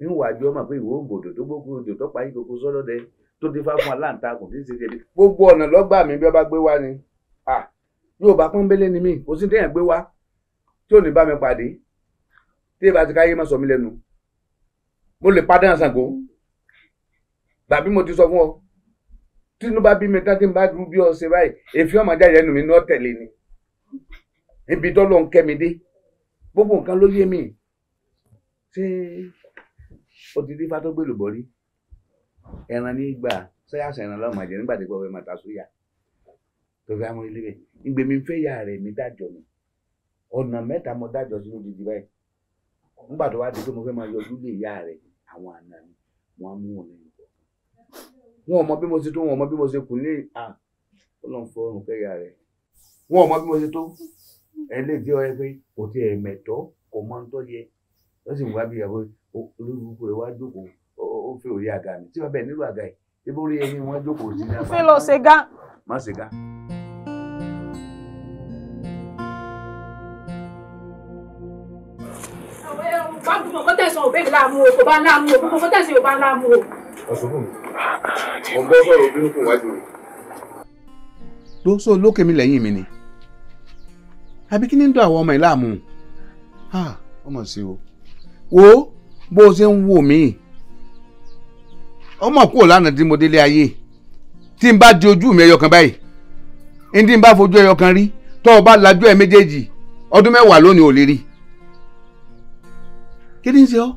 ń wà jọ mà pé ìwọ ògbòdò tó gbókù odò tó parí koko sọlọdẹ tó ti fá fún aláǹtakùn tí ń ṣe jẹbi gbogbo ọ̀nà lọ́gbà mi bí ọba gbé wá ni yóò bá pọ́nbélé ni mí kò sí téèyàn gbé wá tí ò ní bá mi pàdé tí èèbá ti káyé má sọ mí lẹ́nu mo lè padà Ṣàngó tàbí mo ti sọ fún ọ tínú bá bí mi tán tí n bá dúró bí ọ ṣe báyìí èéfì ọmọ jáde ẹnu mi ní ọ̀tẹ̀lẹ̀ ni ibi tọ́lọ́ ń kẹ́ mi dé gbogbo nǹkan ló yé mi ó ti tó gbèlú bọ́rí ẹran ní gbà sẹ́yàsẹ̀ ẹran lọ́mọ jẹ nígbà tí gbọ́ fẹ́ máa sóyà tó fi amú ilé rẹ̀ ìgbè mi fẹ́ ya rẹ̀ mi dájọ́ mi ọ̀nà mẹ́ta mo dájọ́ sínú gidi báyìí nígbà tó wá di pé mo fẹ́ máa yọjú lé ìyá rẹ̀ àwọn àna mi wọ́n á mú wọn lẹ́yìn bọ̀ wọn ò mọ bí mo ṣe tó wọn ò mọ bí mo ṣe kù ní à ó lọ́n fọ ọrùn kẹ́yà rẹ̀ wọn ò mọ bí mo ṣe tó ẹ lè dé ọ ẹ pé kò tí ẹ mẹ̀tọ́ kò mọ ń tọ́ yẹ lọ́sìn wá bí ìyàwó olórúkú rẹ wá jókòó ó fẹ́ orí àga mi tí wọ́n bẹ̀ nílò àga yìí ebi orí ẹni wọ́n jókòó sí ní àbá. fi lọ ṣe gá. má ṣe gá. báwo kò tẹ̀sán òbí mi o kò bá láàmú o kò tẹ̀sán òbá o. ọ̀ṣọ́fún mi ọgbọ́n sọ̀rọ̀ obìnrin kò wájú mi. lóso lókè mi lẹ́yìn mi ni àbí kí ni ń dún àwọn ọmọ ìlàmú ah, ọmọ sí o wo bó o ṣe ń wò mí ọmọ kúrò lánàá tí mo délé ayé tí n bá di ojú mi ẹyọkan báyìí n tí n bá fojú ẹyọkan rí tó o bá lajú ẹ méjèèjì ọdún mẹ́wàá lónìí ò lè rí kí ni ń ṣe ọ.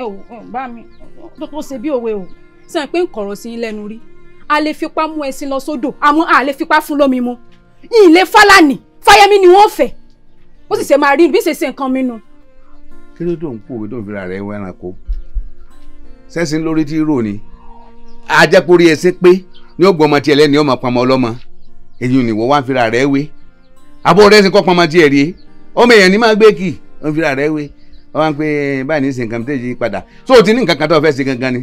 ẹ ò bá mi tó tó ṣe bí òwe o sàn pé nkọ̀rọ̀ sí lẹ́nu rí a lè fipá mú ẹṣin lọ sódò àmọ́ a lè fipá fún lómi mu ìlé fálànì fáyẹmí ni wọ́n fẹ́ ó sì ṣe máa rí bí ṣe ṣe nǹkan mi nù. No kí ló tó ń pòwe tó ń fira rẹ̀ wọ ẹranko sẹ́sìn lórí tí rò ni ajẹ́pórí ẹsẹ̀ pé ní ọgbọ́n ọmọ tiẹ̀ lẹ́ni ọmọ pamọ́ ọlọ́mọ èyí ò ní wọ́n wá ń fira rẹ̀ wé abọ́ rẹ̀ sì kọ́ pamọ́ tiẹ̀ rí ọmọ èèyàn ní máa gbé kì ó ń fira rẹ̀ wé wọ́n wá ń pè é báyìí ní sìn nǹkan tó yí padà so ti ní nǹkan kan tó fẹ́ ṣe gangan ni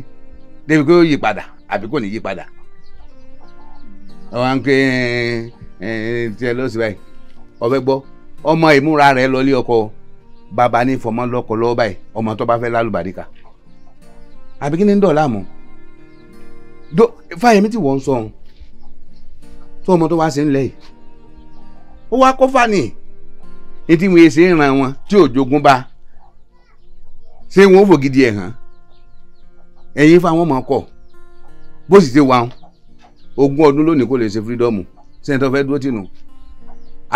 débi pé ó yí padà àbí kò ní yí padà wọ́n wá ń pè é tiẹ̀ lọ́sibáyìí ọ̀fẹ́ gbọ́ ọmọ ìmúra rẹ̀ bàbá ní fọmọ lọ́kọ lọ́wọ́ báyìí ọmọ tó bá fẹ́ lálùbáríkà àbí kí ni ń dọ̀la mọ́ do fáyemí tí wọ́n ń sọ ohun tó ọmọ tó wá sí ńlẹ̀ yìí ó wá kó fani etí wọn èsì ìran wọn tí ò jogún bá ṣé wọn ò fògidì ẹ̀ hàn ẹ̀yin fáwọn ọmọ kọ̀ bó sì ti wà ń ogún ọdún lónìí kò lè ṣe fírídọ́ọ̀mù sẹ́ńtọ́ fẹ́ dúró tì nù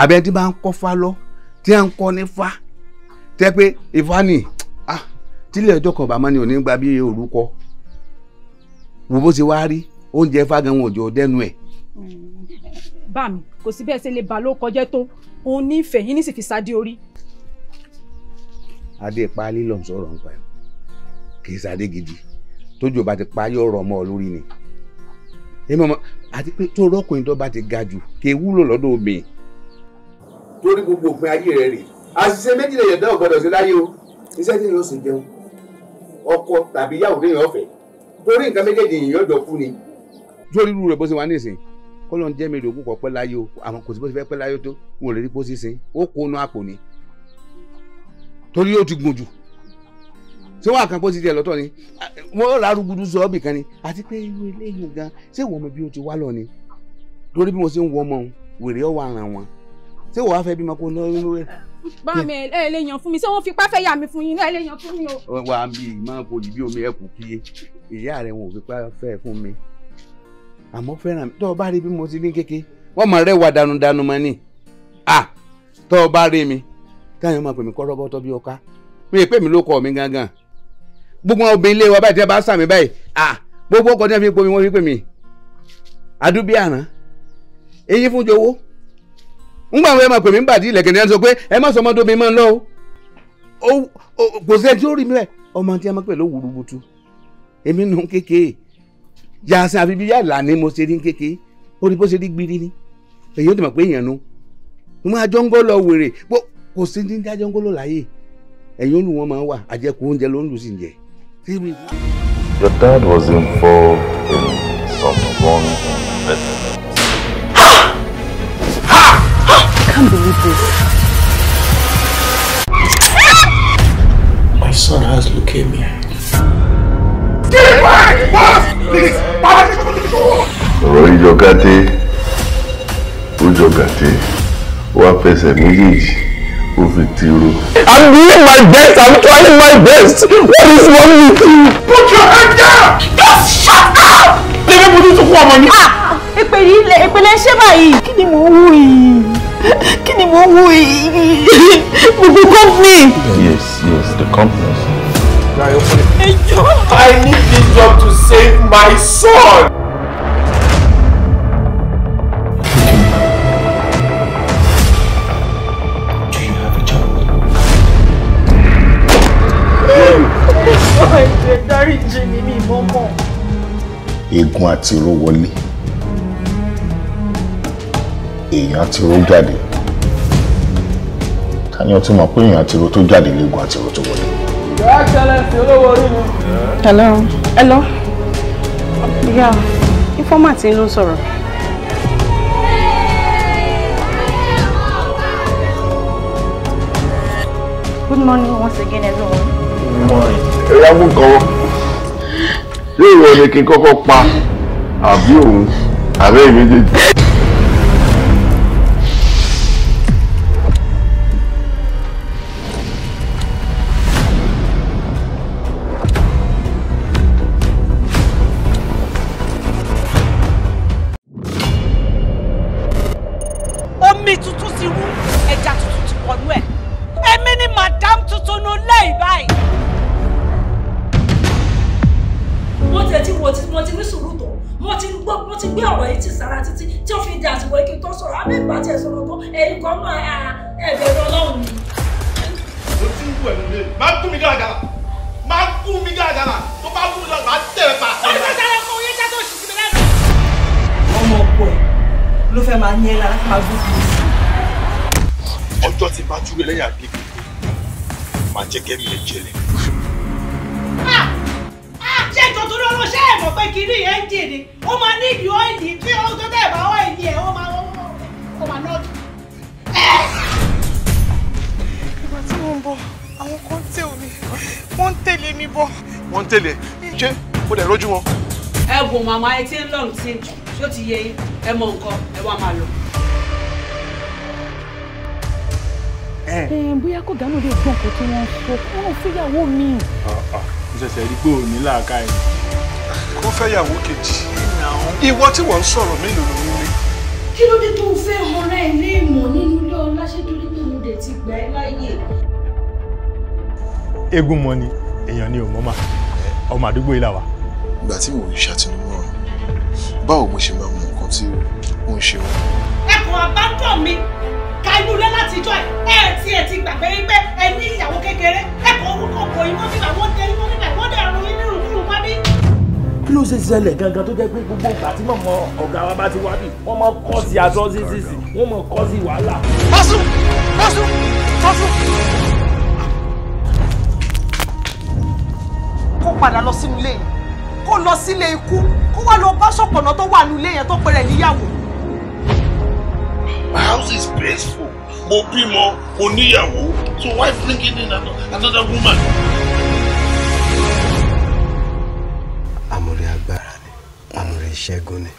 àbẹ́ntí bá ń kọ́ fá lọ tí à ń kọ́ ní fá tẹ́ pé ìfani ah, tílẹ̀ ọjọ́ kan bàmá ni ò ní gba bí orúkọ wo bó ṣe wá rí oúnjẹ fagan wọn ò jọ dẹnu ẹ̀. bá mi kò sí bẹ́ẹ̀ ṣe lè bà ló kọjá tó òun nífẹ̀ẹ́ yín ní sì fi sáde orí. adé pa lílọ̀ sọ̀rọ̀ ń pa ẹ̀ kì í sáde gidi tójú ọba ti pa yọ̀rọ̀ ọmọ lórí ni èmi ọmọ àti pé tó rọ́kùnrin tó bá ti ga jù kì í wúlò lọ́dọ̀ obìnrin. torí gbogbo òpin ayé rẹ̀ rèé àṣìṣe méjì lè yẹ̀dá ọ̀gbọ́dọ̀ sí láyé o iṣẹ́ tí yóò sì jẹun ọkọ tàbí ìyàwó lè yàn ọ̀fẹ́ torí nǹkan méjèèjì yìí yọ̀dọ̀ kú ni. jórí irú rẹ̀ bó ṣe wà ní ìsìn kó ló ń jẹ́ mi rè òkú pẹ́ láyé o àwọn kò sí bó ṣe fẹ́ pẹ́ láyé tó n ò lè rí kó sí sin ó kó nu àpò ni torí ó ti gùn jù ṣé wàá kan kó ti tiẹ̀ lọ́tọ̀ ni wọ́n lárúgudu sọ ọ́bì kan ni àti pé irú eléyìí gan ṣé wọ́n mọ bí ó ti wá lọ ni torí bí mo ṣe ń wọ ọmọ wèrè ọwọ́ àràn wọn ṣé wọ́n á fẹ́ bímọ kó lọ́ọ́ lórí bá mi ẹ lè yàn fún mi ṣé wọn fipá fẹ́ yà mí fún yín ẹ lè yàn fún mi o. wà á bí ìmọ̀ kò jù bí omi ẹ kù kí ìyá rẹ wọn ò fipá fẹ́ fún mi àmọ́ fẹ́ràn mi tó o bá rí bí mo ti ní kéke wọ́n máa rẹwà danudanu mọ́ ni ah tó o bá rí mi táyọ̀ máa pè mí kọ́ rọ́bọ́tọ́ bí ọká mi ì pè mí ló kọ́ mi gangan gbogbo obìnrin ilé wa báyìí tí wọ́n bá sàmì báyìí ah gbogbo ọkọ̀ tí wọ́n fi pè mí wọ́n fi pè mí àdúbí àná èyí fún jowó ngbà wọn ẹ e máa pè mí bàdí ilẹ̀kẹ̀ ní ẹ sọ pé ẹ má sọ ọmọ tóbi máa ń lọ o kò sí ẹ rí mi rẹ ọmọ tí a máa pè ló wùrùwùtù èmi nù kékeré yàtọ̀ àfi bí yàrá ni mo ṣe rí kékeré ó bó ṣe rí gbiri ni èyí ó ti mọ̀ pé èèyàn nu mo máa jọ ń gbọ́ lọ wèrè kò sí ní dájọ́ ń gbọ́ lọ láàyè ẹ̀yin olú wọn máa wà àjẹkù oúnjẹ ló ń lù sí ń jẹ. Your dad was involved in some wrong investment. can't believe this. My son has leukemia. Get back! What? Please! Ọ̀rọ̀ ìjọgàtẹ́ ìjọgàtẹ́ wá fẹsẹ̀ méjèèjì ó fi tiro. I'm doing my best I'm trying my best what is wrong with you. Put your hand down. Just shut up. Ṣé ẹgbẹ́ mo tún tún fún ọmọ ni. Èpè yìí èpè lẹ ṣé báyìí. Kí ni mò ń We, we gbogbo company. yes yes the company. I need this job to save my son. egun àti ró wọlé èèyàn àti ró jáde àyàn ti mọ̀ pé èèyàn àti ro tó jáde léegun àti ro tó wọlé. Your Excellency olówó orí mi. hello hello ìyá informant ló ń sọ̀rọ̀. Good morning once again everyone. Good morning. ẹ̀yà mú kan yóò wọlé kí n kọ́kọ́ pa àbí òun àbẹ́ méjèèjì. làákà yìí. kó fẹ́ yàwó kejì ìwọ tí wọ́n ń sọ̀rọ̀ mélòó ló nílé. kí ló dé tó o fẹ́ ọ̀rẹ́ ẹ̀ ní ìmọ̀ nínú ilé ọlá ṣé torí pé mo dẹ̀ ti gbà ẹ́ láàyè. eégún mọ ni èèyàn ni ò mọ́ ọmọ àdúgbò yìí là ìgbà tí mò ń ṣàtìlẹ́yìn báwo mo ṣe máa mọ nǹkan tí ó ń ṣe wọn. ẹkùn àbátọ mi ka inú láti jọ ẹ ẹ ti ẹ ti gbàgbé wípé ẹ ní ìyàwó kékeré ẹkùn orúkọ kò yín nígbà wọ́n tẹ yín nígbà ló ṣe ṣẹlẹ̀ gangan tó jẹ́ pé gbogbo ìgbà tí mọ̀mọ́ ọ̀gá wa bá ti wá bì wọ́n mọ̀ kọ́ sí atrocities wọ́n mọ̀ kọ́ sí wàhálà. bọ́sùn bọ́sùn bọ́sùn. kó padà lọ sínú ilé yìí kó lọ sílé ikú kó wá lọ bá ṣọ̀pọ̀nà tó wà nílé yẹn tó pẹ̀rẹ̀ níyàwó. My house is graceful mo bímọ oníyàwó so why bring in another woman. ìṣẹ́gun ni.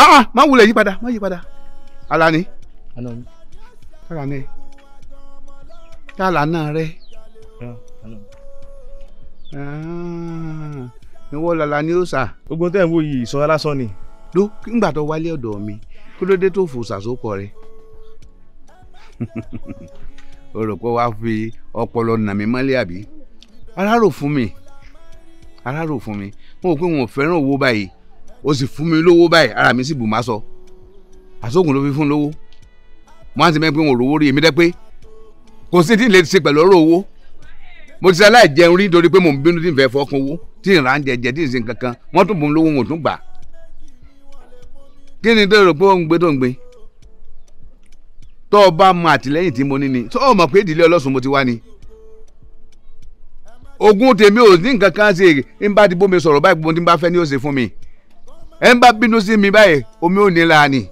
Ah, ah má wulẹ̀ yí padà má yí padà Alani Alani yàrá náà rẹ ah, ìwọ làlà ni ó sà. gbogbo tẹ́ ẹ̀ ń wò yìí ìsọ̀rọ̀ lásán ni. ló ńgbà tó wálé ọ̀dọ̀ mi kí ló dé tó fò sàsókọ rẹ o rò pé wàá fi ọpọlọ nà mí mọ́lẹ̀ àbí arárò fún mi arárò fún mi mo rò pé wọn ò fẹ́ràn owó báyìí o sì fún mi lówó báyìí ara mi sì bù má sọ àsókùn ló fi fún lówó mo á ti mẹ́ pé wọn ò rówó rí èmi dẹ́ pé kò sí tí ì lè ṣe pẹ̀lú ọ̀rọ̀ owó mo ti ṣe aláìjẹun rí nítorí pé mò ń bínú tí n fẹ́ fọkàn owó tí n jẹjẹ tí n ṣe nǹkan wọ́n tún bùn lówó wọn ò tún gbà á kí ni tó rò pé ó ń gbé tó ń gbé tó o bá mọ àtìlẹ́yìn tí mo ní ni tó o mọ̀ pé ìdílé ọlọ́sùn mo ti wá ni ogún tèmi ò ní nǹkan kan ṣe ń bá ti bómi sọ̀rọ̀ báyìí gbogbo tí ń bá fẹ́ ni ó ṣe fún mi ẹ ń bá bínú sí mi báyìí omi ò ní la ni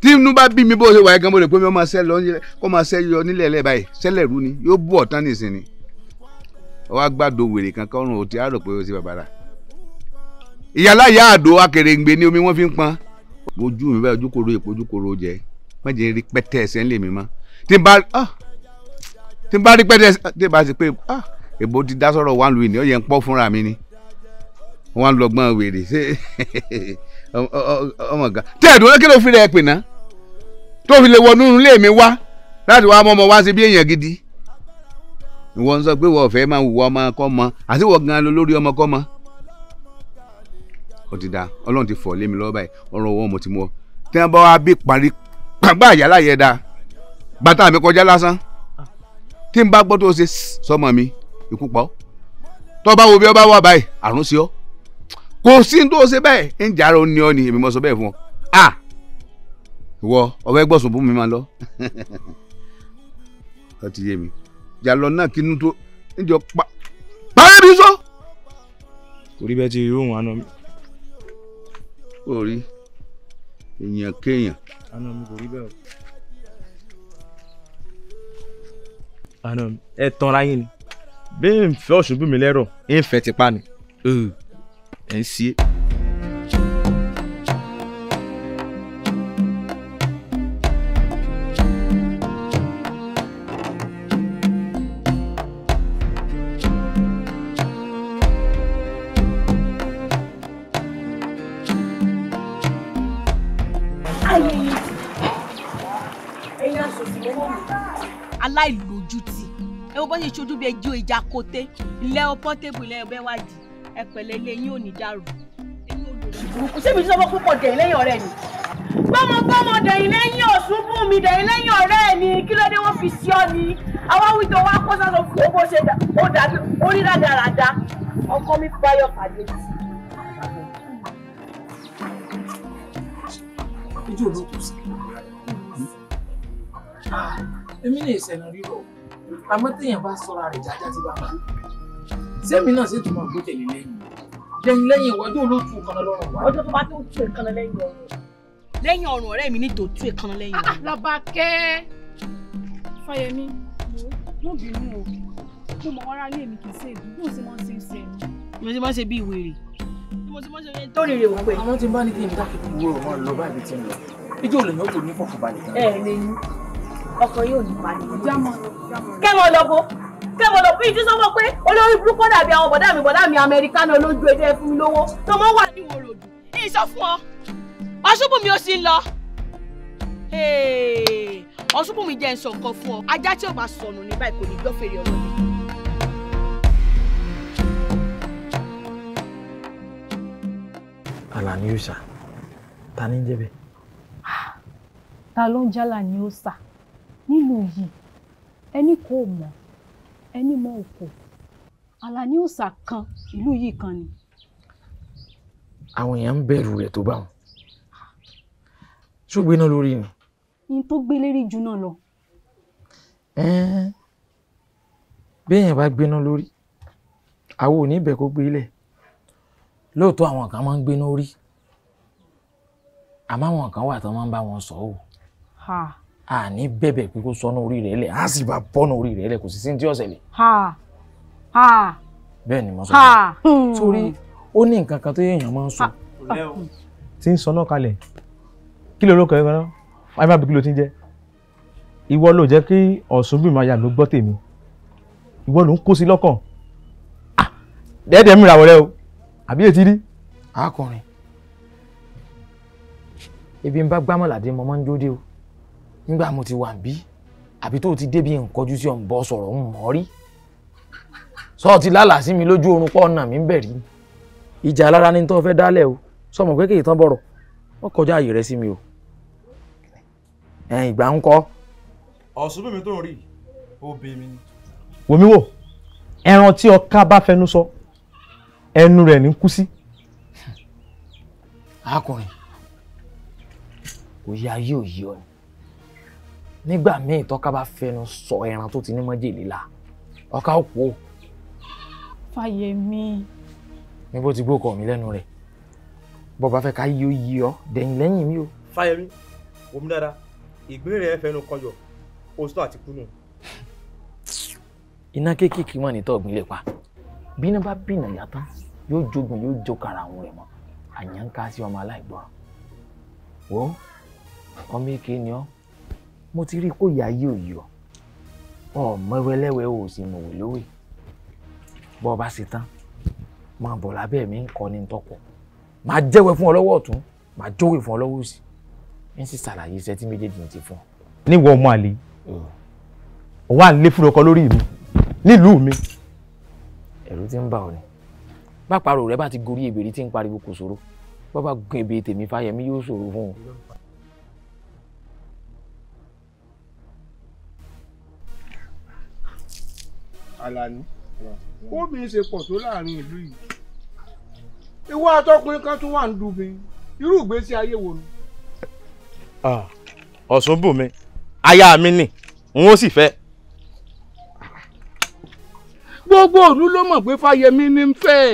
tí inú bá bí mi bó ṣe wà gan mo rè pé mi ọmọ sẹ́ lọ kó máa sẹ́ yọ nílẹ̀ lẹ́ báyìí sẹ́lẹ̀ rú ni yóò bú ọ̀tán nìsín ni ọwọ́ àgbàdo wèrè kankan ọ̀run ò ti àrò pé ó ṣe bàbá rà ìyáláyà àdó akèrèǹgbè ni omi wọn fi ń pọn ojú mi báyìí ojú koro èpo ojú koro jẹ wọn jẹ rí pẹtẹ ẹsẹ ńlẹ mi mọ tí n bá ah, tí n bá rí pẹtẹ ẹsẹ tí n bá ti pé ah, èbó ti dá sọ̀rọ̀ wàá lu ìní ọ̀yẹ̀ ń pọ̀ fúnra mi ni wọ́n á lọ́gbọ́n wèrè ṣé ọmọ ga tẹ́ ẹ̀dùn lókè ló fi pè náà tó fi lè wọnú ilé mi wá láti wá mọ́mọ́ wá sí bí èèyàn gidi ìwọ sọ pé wọ́n fẹ́ máa wù ọmọ kọ́ mọ àti wọ́n gan lórí ọmọ kọ́ mọ́ ọ̀dìdà ọlọ́run ti fọ̀ lémi lọ́wọ́ báyìí ọ̀rọ̀ ọwọ́ mo ti mú ọ tí wọ́n bá wá bí parí gbàgbà àyàlá yẹ dáa bàtà mi kọjá lásán tí n bá gbọ́ tó ṣe sọmọ mi ikú pa ọ́ tọ́ bá wo bí ọ bá wà báyìí àrùn sí ọ kò sí tó ṣe bẹ́ẹ̀ ń jà ara ó ní ọ ni èmi mọ sọ bẹ́ẹ̀ fún ọ à ìwọ ọ̀fẹ́ gbọ̀sùn fún mi máa lọ ọ ti yé mi jà náà kí n tó ń jọ pa pa ẹ́ mi sọ. bẹ́ẹ̀ ti rí òun àná mi orí èèyàn kéèyàn. àná mi kò rí bẹ́ẹ̀ o. àná ẹ tan ara yín ni bí n fẹ́ ọ̀ṣun bí mi lẹ́rọ̀ ẹ ń fẹ́ tipa ni. ẹ ń ṣe é. aláìlójútì ẹ wo bó ṣe ṣojú bí ẹjọ́ ìjà kote ilẹ̀ o pọ́tébù ilẹ̀ ọbẹ̀ wájì ẹ pẹ̀lẹ́ ilé yín ò ní dàrú. kò síbi tí wọ́n púpọ̀ dẹ̀yìn lẹ́yìn ọ̀rẹ́ ni gbọ́mọgbọ́mọ dẹ̀yìn lẹ́yìn ọ̀sùn fún mi dẹ̀yìn lẹ́yìn ọ̀rẹ́ ni kí ló dé wọ́n fi sí ọ ni àwọn wíjọ wa kó sọ́sọ́ fún owó ṣe ó dàbí orí rádaràda ọkọ mi báyọ̀ pàdé tì. ojú ò ló kù èmi ní ìṣẹ̀nà ríro àmọ́ téèyàn bá sọ́ra rẹ̀ jájá ti bá máa sẹ́mi náà sì tún mọ̀ gbé tẹ̀lé lẹ́yìn lẹ́yìn lẹ́yìn ìwọ́dún ló tu ìkànnà lọ́rùn wa. ọjọ́ tó bá tó tu ìkànnà lẹ́yìn ọ̀run. lẹ́yìn ọ̀run ọ̀rẹ́ mi ní tò tu ìkànnà lẹ́yìn ọ̀run. Ah, lọ́ba kẹ́ fọyẹmí mo bínú o mo mọ̀ wára lé mi kì í ṣe èdè bó ṣe máa ń ṣe ń ṣe. mo ti máa ń ṣe bí ìwé rè mo ti máa ń ṣe tó rèé wò pé. àwọn tí bá ní kí n dákẹ́ ìwé òun lọ báyìí ti ń lọ ijó lèmi ó tó ní fọ̀fọ̀ balẹ̀ kan. ẹ ọkọ yóò ní pariwo. kẹ́mọ̀ lọ bo kẹ́mọ̀ lọ bo ìdí sọ́mọ́ pé olórí burúkú dàbí àwọn bọ̀dá mi bọ̀dá mi amẹ́ríkánà olójú ẹjẹ́ fún mi lówó tó mọ́ wà ní wòrò dùn. ní ìsọ fún ọ ọṣùbùnmi ó sì ń lọ ọṣùbùnmi jẹ́ nsọ nǹkan fún ọ ajá tí ò bá sọnù ní báyìí kò ní gbọ́ fèrè ọ̀rọ̀ mi. Àlàní òòṣà ta ni ń jẹ́ bẹ́ẹ̀. Ah, ta ló ń jálà ní òòṣà nílùú yìí ẹni kò mọ̀ ẹni mọ̀ òkò Àlàní òòṣà kan ìlú yìí kan ni. àwọn èèyàn ń bẹ̀rù rẹ̀ tó bá wọn ṣó gbéná lórí ni. ní tó gbé lérí jù náà lọ. béèyàn bá gbéná lórí àwọn ò ní ibẹ̀ kó gbé lẹ̀ lóòótọ́ àwọn kan máa ń gbéná orí àmọ́ àwọn kan wà tó máa ń bá wọn sọ ọ́ àní bẹ̀bẹ̀ pé kó sọ́nà orí rẹ̀ lẹ̀ á sì bá bọ́nà orí rẹ̀ lẹ̀ kò sì sí ní tí ọ̀sẹ̀ lẹ̀. bẹ́ẹ̀ ni mo sọ fún torí ó ní nǹkan kan tó yẹ̀yàn máa ń sọ. Ah. tí ń sọ náà kalẹ̀ kí ló lóko ẹ̀rọ ayé má bí kí ló ti ń jẹ́ ìwọ ló jẹ́ kí ọ̀ṣunbímọ aya mi gbọ́ tèmi ìwọ ló ń kó sí lọ́kàn ah! dẹ́ẹ̀dẹ́ mi ràwọ̀ rẹ o àbí ètí rí. akọrin ibi ń bá gbámọ̀ làdé mo máa ń dúró dé o nígbà mo ti wà bí àbí tó ti débi nkọjú sí ọ̀n bọ́ sọ̀rọ̀ ń mọ̀ rí sọ́ọ̀tì lálàá sí mi lójú oorun pọ̀ ọ̀nà mi ń bẹ̀rí ìjà alára ní tó fẹ́ dálẹ̀ o sọmọ pé kéèyàn tán bọ̀rọ̀ wọ́n kọjá àyè rẹ sí mi o ẹ̀yìn ìgbà ń kọ́. ọ̀sùn mímí tó ń rí obì mi ni. wòmí wò ẹran tí ọká bá fẹnu sọ ẹnu rẹ̀ ní kú sí. arákùnrin òye ayé òye ọ ni nígbà míì tọ́ka bá fẹnu sọ ẹran tó ti ní májèlé la ọkà ó kú. Fáyẹmí. ní bó ti gbó ọkọ mi lẹ́nu rẹ̀ bó bá fẹ́ ká yí ó yí ọ dẹ̀yìn lẹ́yìn mi o. Fáyẹmí wò mí dáadáa ìgbín rẹ̀ fẹnu kọyọ̀ oṣù àti kùnú. iná kéékèèké mọ̀ ní tọ́ọ̀gbìn lè pa bí bá bìnà yá yóò jogun yóò jó àwọn rẹ̀ mọ́ àyànká sí ọmọ aláìgbọràn wò ọmọ èké ni ọ́ mo ti rí i kó ìyá yìí ò yọ ọmọ ẹwẹlẹwẹ ò sì mọ̀wé lówè bọ́ ọ bá ṣe tán máa bọ̀ lábẹ́ mi ń kọ́ ní tọ́pọ̀ máa jẹ́wẹ́ fún ọ lọ́wọ́ ọ̀tún máa jówè fún ọ lọ́wọ́ òsì ń sì ṣàlàyé iṣẹ́ tí méjèèjì ti fún ọ. níwọ ọmọ àlè ọwọ à ń lé fúnra ọkọ lórí mi nílùú mi. ẹ̀rù ti ń bà ọ ni bá parọ́ rẹ bá ti gorí ebèrè tí ń pariwo kò ṣòro bá bá gun ebè tèmi fáyemí yóò ṣòro fún un. Àlàní kómi ṣe pọ̀ tó láàrin ìlú yìí ìwọ atọ́kùnrin kan tún wà ń dùn mí irú ìgbésí ayé wo ni. ọ̀sùn bù mí aya mi nì n ó sì fẹ́. gbogbo òru ló mọ̀ pé fáyemí ní ń fẹ́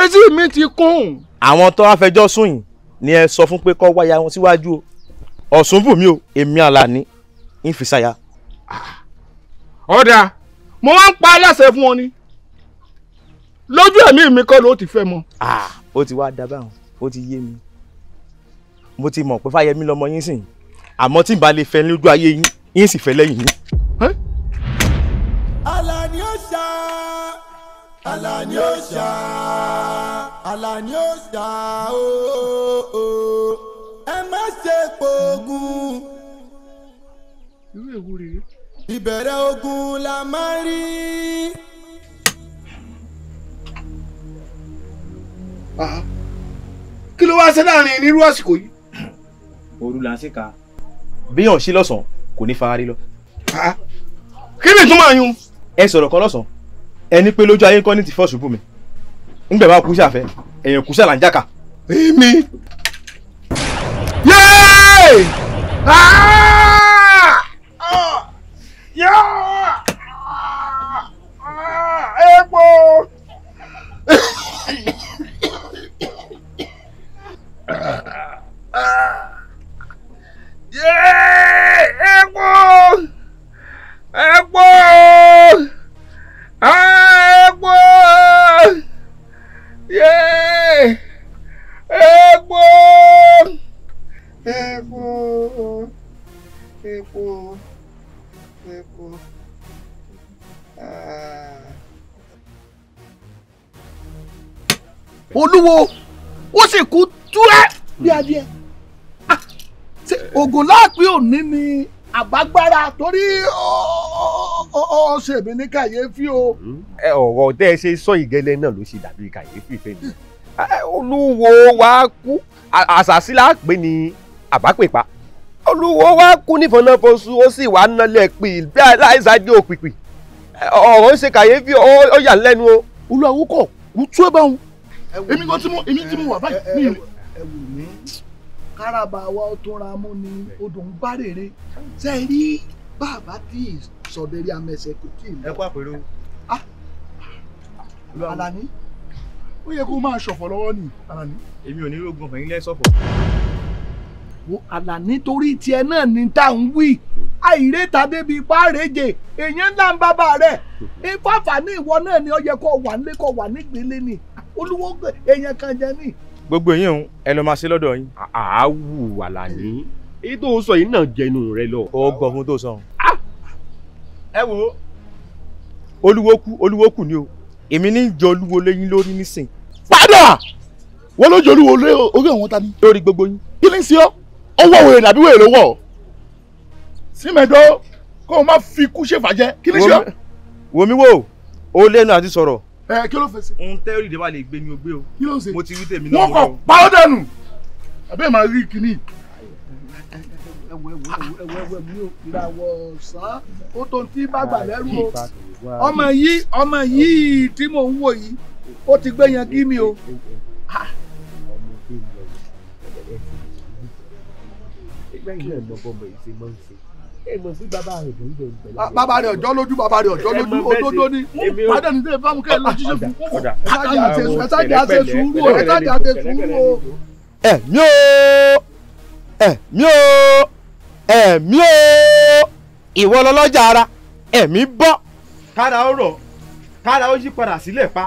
etí mi ti kún. àwọn tó wá fẹjọ́ sùn yìí ni ẹ sọ fún pé kó wáyà wọn síwájú o ọ̀sùn bù mí o èmi Àlàní ń fi ṣaya. ọ̀dà. Ah mo wá ń pa aláṣẹ fún ọ ni lójú ẹ̀mí mi kọ́ ló ti fẹ́ mọ. ó ti wá dábàá hàn ó ti yé mi mo ti mọ̀ pé fáyemí lọmọ yín sìn àmọ́ tí n bá lè fẹ́ lójú ayé yín yín sì fẹ́ lẹ́yìn yín. Àlàní Òòṣà Àlàní Òòṣà Àlàní Òòṣà ooo ẹ má ṣe pògùn. irú èwo rèé ìbẹ̀rẹ̀ ogun la máa rí. kí ló wá ṣe láàrin nírú àsìkò yìí. òru là ń ṣèkà. bí yàn sí lọ́sàn-án kò ní fararí lọ. kí ni ìtumọ̀ yín. ẹ sọ̀rọ̀ kan lọ́sàn-án ẹni pé lójú ayé kọ́ ní ti fọ́ ṣubú mi ńgbẹ̀ bá kú sàfẹ́ èèyàn kú sàlà ń èmi. yéé epo. epo epo epo epo epo epo. Ah. olúwo ó sì kú túẹ́ bí adìẹ ah, ògùn láàpín òní ni àbágbára torí ó ṣe mí ní kàyéfì o. ẹ ọ̀rọ̀ tẹ́ ẹ ṣe sọ ìgẹ́lẹ́ náà ló ṣe dàbí kàyéfì fẹ́mi ah. olúwo wa kú àṣàsí láàpẹ́ ni àbápẹ́pa olúwo wa kú nífọ̀nàfọ̀sù ó sì wà nálẹ̀ pé láìsájú òpìpì ọ̀rọ̀ ń ṣe kàyéfì ó yà lẹ́nu o. olú àwọn kọ kú ẹ bá wọn. èmi kan tí mo èmi tí mo wà báyìí ẹ wù mí káràbà wa ó tún ra mú ni odò ń bá rèrè ṣe rí bàbá tí sọdẹrí amẹsẹ kò tí ì lọ. ẹ kó àpérò. Ah, Alani ó yẹ kó máa ṣọ̀fọ̀ lọ́wọ́ ni Alani. èmi ò ní rògùn yín lẹ́sọ̀fọ̀. Alani torí tiẹ̀ náà ni tá à ń wí àìrè tàbí ibi ipá àrèjè èèyàn ńlá ń bábà rẹ̀ ipá fàní ìwọ náà ni ó yẹ kó wà nílé kó wà nígbélé ni olúwo èèyàn kan jẹ ní. gbogbo èèyàn ẹ lọ máa ṣe lọ́dọ̀ yín. àáwù wà lànà èyí tó sọ yìí náà jẹnu rẹ lọ. ó gbọ́ fún tó sọ. ẹ wo olúwo kú olúwo kù ni o èmi ní jọ olúwo lẹ́yìn lórí nísìn. padà wọ́n ló jọ olúwo lé orí ta ni. lórí gbogbo yín. kí ni sí ọ ọwọ́ wèrè àbí wèrè ló wọ̀ símẹ̀dọ́ kó o má fi ikú ṣèfàjẹ́ kí ni ṣe. wò mí wò ó lẹ́nu àti sọ̀rọ̀. ẹ kí ló fèsì. ohun tẹ́rì ìdẹ́wà lè gbé ni o gbé o. kí ló ń ṣe mo ti rí tèmi náà. wọn kò pa ó dànù àbẹ́ màá rí kínní. ẹwẹ́wẹ́ mi ò ìràwọ̀ ọ̀sán ó tó ń tí bá gbà lẹ́rù o ọmọ yìí ọmọ yìí tí mò ń wò yìí ó ti gbé yan gí mi o. ìgbà yìí lọ bọ́mọ yìí ṣe máa ń ṣe bàbá rẹ̀ ọjọ́ lójú bàbá rẹ̀ ọjọ́ lójú òdodo ni adẹni tẹ fáwọn kẹ lójú ṣe fún ẹ sáàdì àṣẹ sùúrù o ẹ sáàdì àṣẹ sùúrù o. ẹ̀mí o ẹ̀mí o ẹ̀mí o ìwọ lọ́lọ́jà ara ẹ̀mí bọ́. kára ó rọ̀ kára ó yí padà sílẹ̀ pa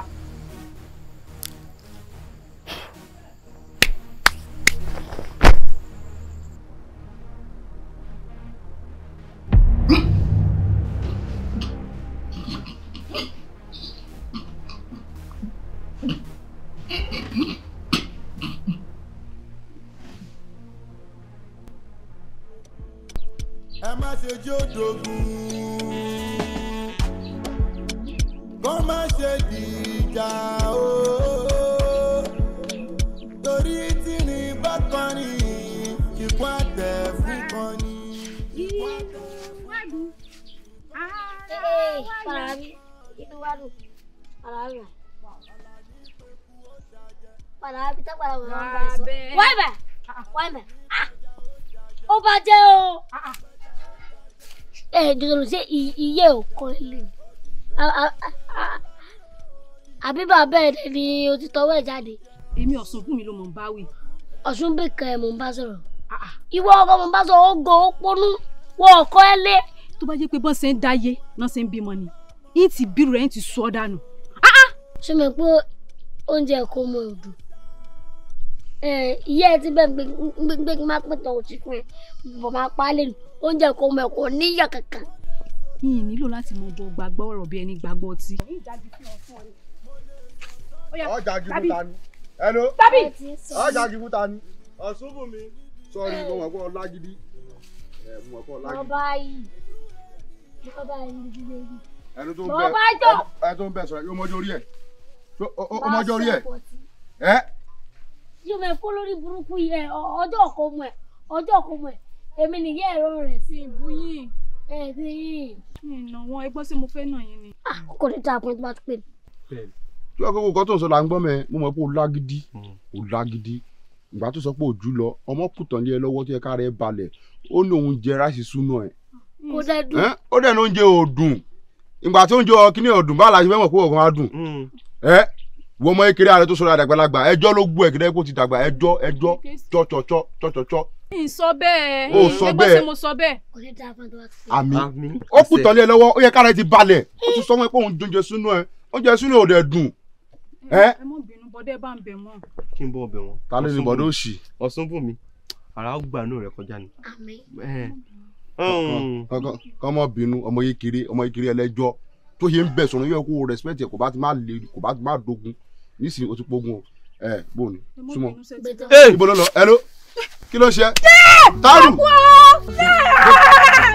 ká má ṣe jó dogun kó má ṣe dìjà o torí tí ni bá kan ní àtẹ fún kan Wáyé bẹ̀, ó bá jẹ́ o jọjọlù ṣe iye ọkọ ilé àbí bàbá ni o ti tọwọ́ ẹ̀ jáde. èmi ọ̀sùn fún mi ló mọ̀ ń bá wí. ọ̀sùn bí kan ẹ̀ mò ń bá sọ̀rọ̀. Ah, ah. ìwọ ọkọ mò ń bá sọ̀rọ̀ ó gan ó ponú wọ ọkọ ẹ lé. tó bá jẹ́ pé bọ́n ṣe ń dáyé náà ṣe ń bímọ ni yín ti bírù rẹ̀ yín ti sọ ọ́ dànù. Ah, ṣé mi pé oúnjẹ kò mọ òdùn ìyá ẹ ti bẹ́ẹ̀ gbé kí n má pẹ̀tọ̀ òsì fún ẹ bọ̀ máa pa á lẹ́nu oúnjẹ kò mọ̀ kò níyà kankan. yìnyín nílò láti mọ ọjọ́ gbàgbọ́ ọ̀rọ̀ bí ẹni gbàgbọ́ ọtí. ọjà jìbù ta ni ẹnu ọjà jìbù ta ni ọ̀ṣunbùnmi sọ̀rí mo mọ̀ pé ọlá gidi mo mọ̀ pé ọlá gidi. bọ́bá yìí bọ́bá yìí gidi gidi. ẹnu tó ń bẹ ẹnu tó ń bẹ sọ̀rọ̀ ọmọdé orí ẹ ọmọdé orí ẹ ẹ yóò fẹ́ kó lórí burúkú yẹ ọjọ́ ọkọ ọmọ ẹ ọjọ́ ọkọ ọmọ ẹ èmi nìyẹn ẹ̀rọ rẹ̀. ìbú yìí. ẹ ti yìí. ìnà wọn ẹgbọ́n sí mo fẹ́ nà yín ni. Ah, kò ní dáa pọ́n tó bá ti pè mí. tí wọ́n kókó kan tó sọ la ń gbọ́ mẹ́ mo mọ̀ pé o lágídí o lágídí ìgbà tó sọ pé òjú lọ ọmọ kùtàn ní ẹ lọ́wọ́ tó yẹ ká rẹ balẹ̀ ó ní òun jẹ ráìsì súnú ẹ̀. Hmm. kò dẹ̀ dùn. ó dẹ̀ ní oúnjẹ òdùn ìgbà tó ń ọ wọ́n mọ ekele ààrẹ tó sọ̀rọ̀ àdàgbàlagbà ẹjọ́ ló gbọ́ ẹ̀kẹ́dẹ́ kó ti dàgbà ẹjọ́ ẹjọ́ tọ́tọ̀tọ́ tọ́tọ̀tọ́. n sọ bẹ́ẹ̀ o sọ bẹ́ẹ̀ ẹgbẹ́ mo sọ bẹ́ẹ̀. àmín ó kù tọ́lé ẹ lọ́wọ́ ó yẹ kára ẹ ti balẹ̀ ó ti sọ wọn pé òun jóúnjẹ sínú ẹ oúnjẹ sínú ò dẹ̀ dùn. ẹ mọ bínú bọdẹ bá ń bẹ wọn. kí n bọ ọbẹ wọn. ta ló ní bọdẹ òsì. ọ̀sán bùnmi ara ó gbà inú rẹ kọjá ni. kọ́mọ bínú ọmọ yìí kiri ọmọ yìí kiri ẹlẹ́jọ́ tó yẹ ń bẹ̀ sọ̀rọ̀ respect ẹ̀ kò bá ti dogun nísìnyí o ti pogun o ẹ bò ní súnmọ́ ibo ló ẹ ló kí ló ṣe tálù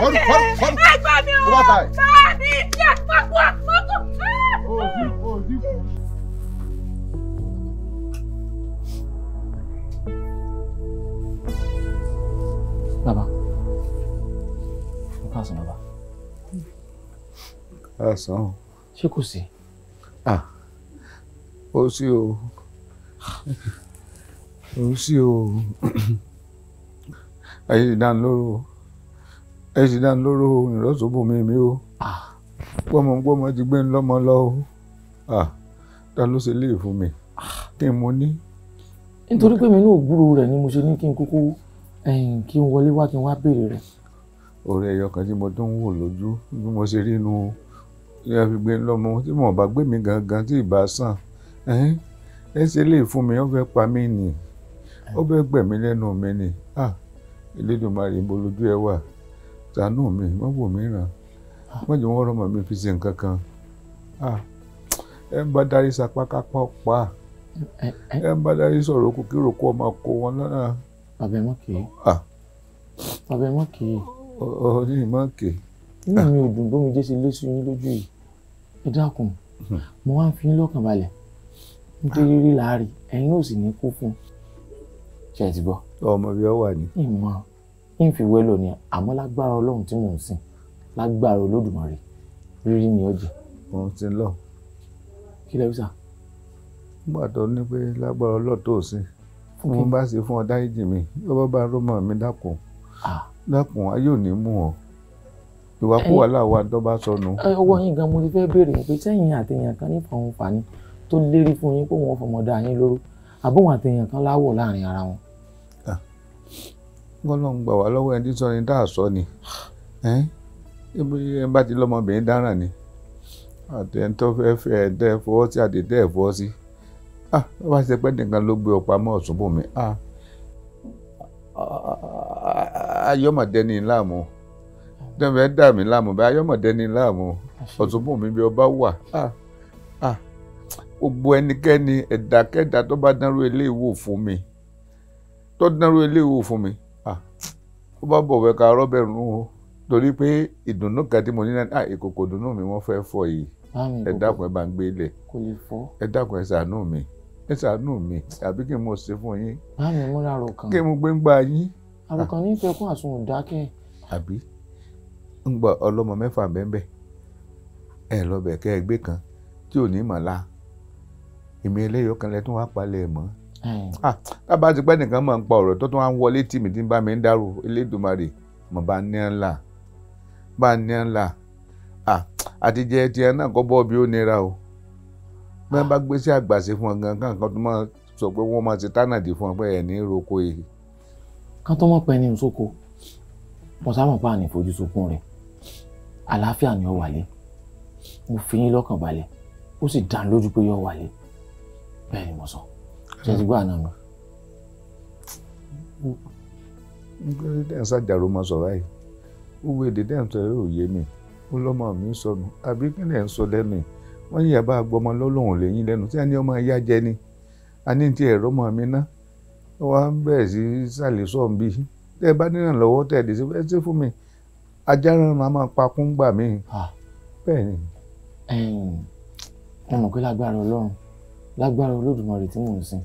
fọdù fọdù fọdù ó wà báyìí. Baba, ọ̀ká sàn bàbá. Ẹ sàn. Ṣé kò sí? ó sì o ó sì o ẹ̀yin sì dáni lóró ẹ̀yin sì dáni lóró ìrọ́sọ́bù mi mi o gbọ́mọ gbọ́mọ ti gbé ń lọ́mọ lọ o ta ló ṣe léè fún mi kí n mo ní. nítorí pé mi náà gbúrò rẹ̀ ni mo ṣe ní kí n kúkú kí n wọlé wá kí n wá béèrè rẹ̀. orí ẹyọ kan tí mo tún ń wò lójú bí mo ṣe rí inú ilé ẹgbẹ́ lọ́mọ tí mo bá gbé mi gangan tí ì bá sàn. e ṣe lè fún mi ó fẹ́ pa mí nì ó fẹ́ gbẹ̀mí lẹ́nu mi nì Elédùmarè ibo ẹ wà ṣàánú mi wọ́n wò mí ràn wọ́n mi fi ṣe nǹkan kan ẹ ń bá darí pa ẹ ń bá darí sọ̀rọ̀ okùn kí ròkó ọmọ kó wọn lọ́nà. bàbá ẹ mọ bàbá ẹ mọ mọ inú mi ò dùn bómi jẹ́ sí lé sí yín nítorí rí láàrí ẹ̀yin ò sì ní kú fún un ṣe ti gbọ́. ọmọ bí ọ wà ní. ìmọ̀ ìfìwélò ni àmọ́ lágbára ọlọ́run tí mò ń sìn lágbára olódùmarè rírí ni ó jẹ. òun ti lọ. kí lẹ́bí sà. nígbà tó ní pé lágbára ọlọ́run tó sìn fún mi bá ṣe fún ọ dáríjì mi yóò bá bá rọmọ mi dákun dákun ayé ò ní mú ọ ìwàkuwà làwọn àdọ́bà sọnù. ọwọ́ yín gan mo ti fẹ́ béèrè pé sẹ́yìn àtẹ̀yìn kan nípa òun fà ni tó lérí fún yín pé wọ́n fọmọ dá yín lóró àbọ̀wọ̀n àtẹ̀yàn kan láwọ̀ láàrin ara wọn. gbọ́dọ̀ ah, ń gbà wá lọ́wọ́ ẹni sọ ni dáa sọ ni ẹ bá ti lọ́mọbìnrin dáràn ni àtẹ̀yìn tó fẹ́ sí àdédé ẹ̀ fọwọ́ sí ah wọ́n bá ṣe pẹ́ nìkan ló gbé ọ̀pá mọ́ ọ̀sùn bùnmi ah ayọ́mọ̀dé ni láàmú dẹ́fẹ̀ẹ́ dà mí láàmú bẹ́ẹ̀ ayọ́mọ̀dé ni láàmú ọ̀sùn bùnmi bí ọba wà ah gbogbo ẹnikẹ́ni ẹ̀dákẹ́dá tó bá dánrú eléyìí wò fún mi tó dánrú eléyìí wò fún mi ó bá bọ̀ wẹ́ka rọ́bẹ̀ o torí pé ìdùnnú kan tí mo ní náà ìkòkò ìdùnnú mi wọ́n fẹ́ fọ yìí ẹ dákun ẹ bá ń gbé ilẹ̀ ẹ dákun ẹ ṣàánú mi ẹ ṣàánú mi àbí kí n mọ̀ ṣe fún yín kí n mú gbé ń gbà yín. àròkàn ní ìfẹ́ kún àsun òdákẹ́. àbí ń gbọ́ ọlọ́mọ mẹ́fà bẹ́ẹ̀ bẹ́ẹ̀ ẹ lọ bẹ̀ kẹ́ ẹ gbé kan tí ò ní mọ̀ èmi eléyìí ọkàn lẹ́tún wá palẹ̀ mọ́. Hmm. Ah, tábà ti pẹ́ nìkan mọ̀ ń pa ọ̀rọ̀ tó tún wá ń wọlé tì mí tí ń bá mi ń dárò Elédùmarè mọ̀ bá ní ńlá bá ní ńlá ah, àti jẹ tiẹ̀ náà kọ́ bọ́ọ̀bì ó nira o bí wọ́n bá gbé sí àgbàṣe fún ọ gan kan kan tó máa sọ pé wọ́n máa ti tánàdì fún ọ pé ẹ̀ ní roko yìí. E. ká tó mọ̀ pé ẹni ìsoko pọ̀sámọ̀ pa àní fojú sunkún rẹ̀ àlàáfíà ni ó wà lé mo fi yín lọ́kàn balẹ̀ ó sì dá lójú pé yóò wà lé bẹ́ẹ̀ ni mo sọ ṣe ti gbọ́ àná mi. nígbàdí dẹ́n ṣàjàrò máa sọ̀rọ̀ yìí ó wo èdè dẹ́n tẹ̀lé òye mi ó lọ́mọ mi sọnù àbí kí lẹ́ẹ̀ ń sọ lẹ́nu yìí wọ́n yìí àbá gbọmọ lọ́lọ́hùn lẹ́yìn lẹ́nu tí a ní ọmọ ìyá jẹ ni a ní ti ẹ̀rọ ọmọ mi ná wọ́n á bẹ̀rẹ̀ sí sàlẹ̀ sọ̀n bí tẹ́ ẹ bá nínà lọ́wọ́ tẹ́ ẹ dé sí ẹ sí fún mi ajá náà máa máa pakún gbà mí. bẹ́ẹ̀ ni. mo mọ̀ pé lágbára ọlọ́run lágbára olódùmarè tí mò ń sìn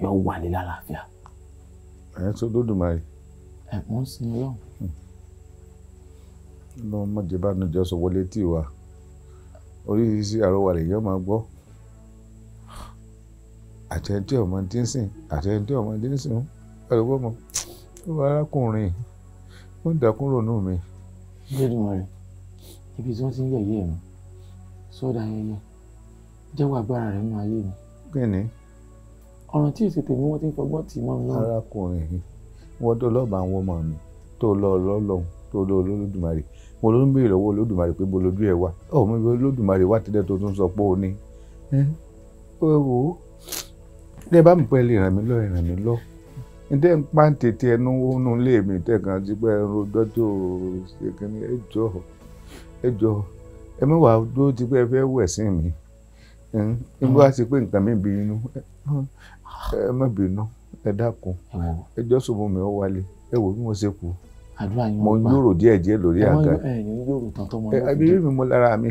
yóò wà ní lálàáfíà. ẹ̀ ń sọ olódùmarè. ẹ̀ mò ń sin lọ́hùn. ló ń mọ̀jẹ̀ bá nìjọ sọ wọlé tì wá oríṣiríṣi àrọwà lèèyàn máa gbọ́ àtẹ̀ntì ọmọ tí ń sìn àtẹ̀ntì ọmọ tí ń sìn ẹ̀rọ gbọ́mọ ó arákùnrin ó ń dàkún ronú mi. olódùmarè ibi tí wọ́n ti ń yẹ̀yẹ́ mi sódà yẹyẹ jẹ́wọ́ agbára rẹ̀ nínú ayé mi. bẹ́ẹ̀ni. ọ̀ràn tí ìṣètò mi wọ́n ti ń fọgbọ́n tì mọ́ mi náà. arákùnrin wọ́n tó lọ́ọ̀bà àwọn ọmọ mi tó lọ lọ́lọ́hún tó lọ lọ́lọ́dùmarè mo ló ń béèrè lọ́wọ́ lọ́dùmarè pé bo lójú ẹ̀ wá ọ̀ mo bí lọ́dùmarè wá tẹ́lẹ̀ tó tún sọ pé ó ní. ẹ wo ẹ bá mi pẹ́ lè ràn mí lọ ẹ ràn mí lọ ǹdẹ́ ń pa tètè ẹnu wọnú ilé mi tẹ̀kan ti pẹ́ ẹnu dọ́jọ́ ẹ jọ ẹ jọ ẹ mẹ́wàá dúró ti pẹ́ fẹ́ wẹ̀ sí mi nígbà wá sí pé nǹkan mi bí inú ẹ má bínú ẹ dákun ẹ jọ́ sọ̀bùn mi ó wálé ẹ wò bí mo ṣe kú mo ń yòrò díẹ̀ lórí àga ẹ bí mi mo lára mi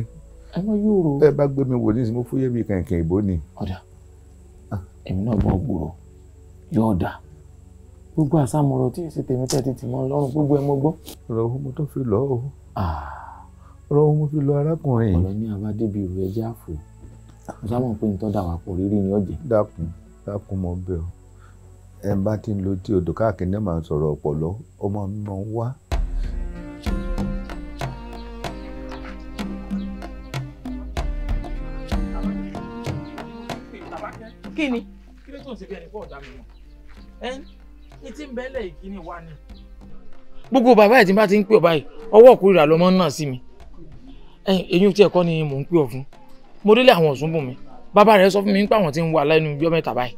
ẹ bá gbé mi wò ní ìsinmi fúyẹ́ bí kẹ̀kẹ́ ìbò ni. èmi náà gbọ́ gbòòrò yóò dà gbogbo àsámọ̀rọ̀ tí èsì tèmi tẹ̀ títí mọ́ lọ́rùn gbogbo ẹ̀ mọ́ gbọ́. ọ̀rọ̀ ohun mo tó fi lọ́ o ọ̀rọ̀ ohun mo fi lọ arákùnrin. ọ̀rọ̀ ní abádébí ìrù ẹjẹ́ àfò mo sábà ń pè ní tọ́da àwàpọ̀ rírì ní ọ̀jẹ̀. dákun dákun mo bẹ̀ ọ́ ẹ bá ti ń lo tí odò káàkiri náà máa ń sọ̀rọ̀ ọ̀pọ̀lọ́ ọmọ mi máa ń wá. kí ni. kí ló tó ń ṣe bí ẹni fún ọ̀dà mi mọ̀ ẹ́ ní tí ń bẹ́lẹ̀ ìkíni wa ni. gbogbo bàbá ẹ̀ tí n bá ti ń pè ọ báyìí ọwọ́ òkúrira lọmọ náà sí mi ẹ̀yìn tí ẹ̀kọ́ ni mò ń pè ọ fún mo délé àwọn Ọ̀ṣunbùnmi bàbá rẹ̀ sọ fún mi pé àwọn ti ń wà lẹ́nu bíọ́ mẹ́ta báyìí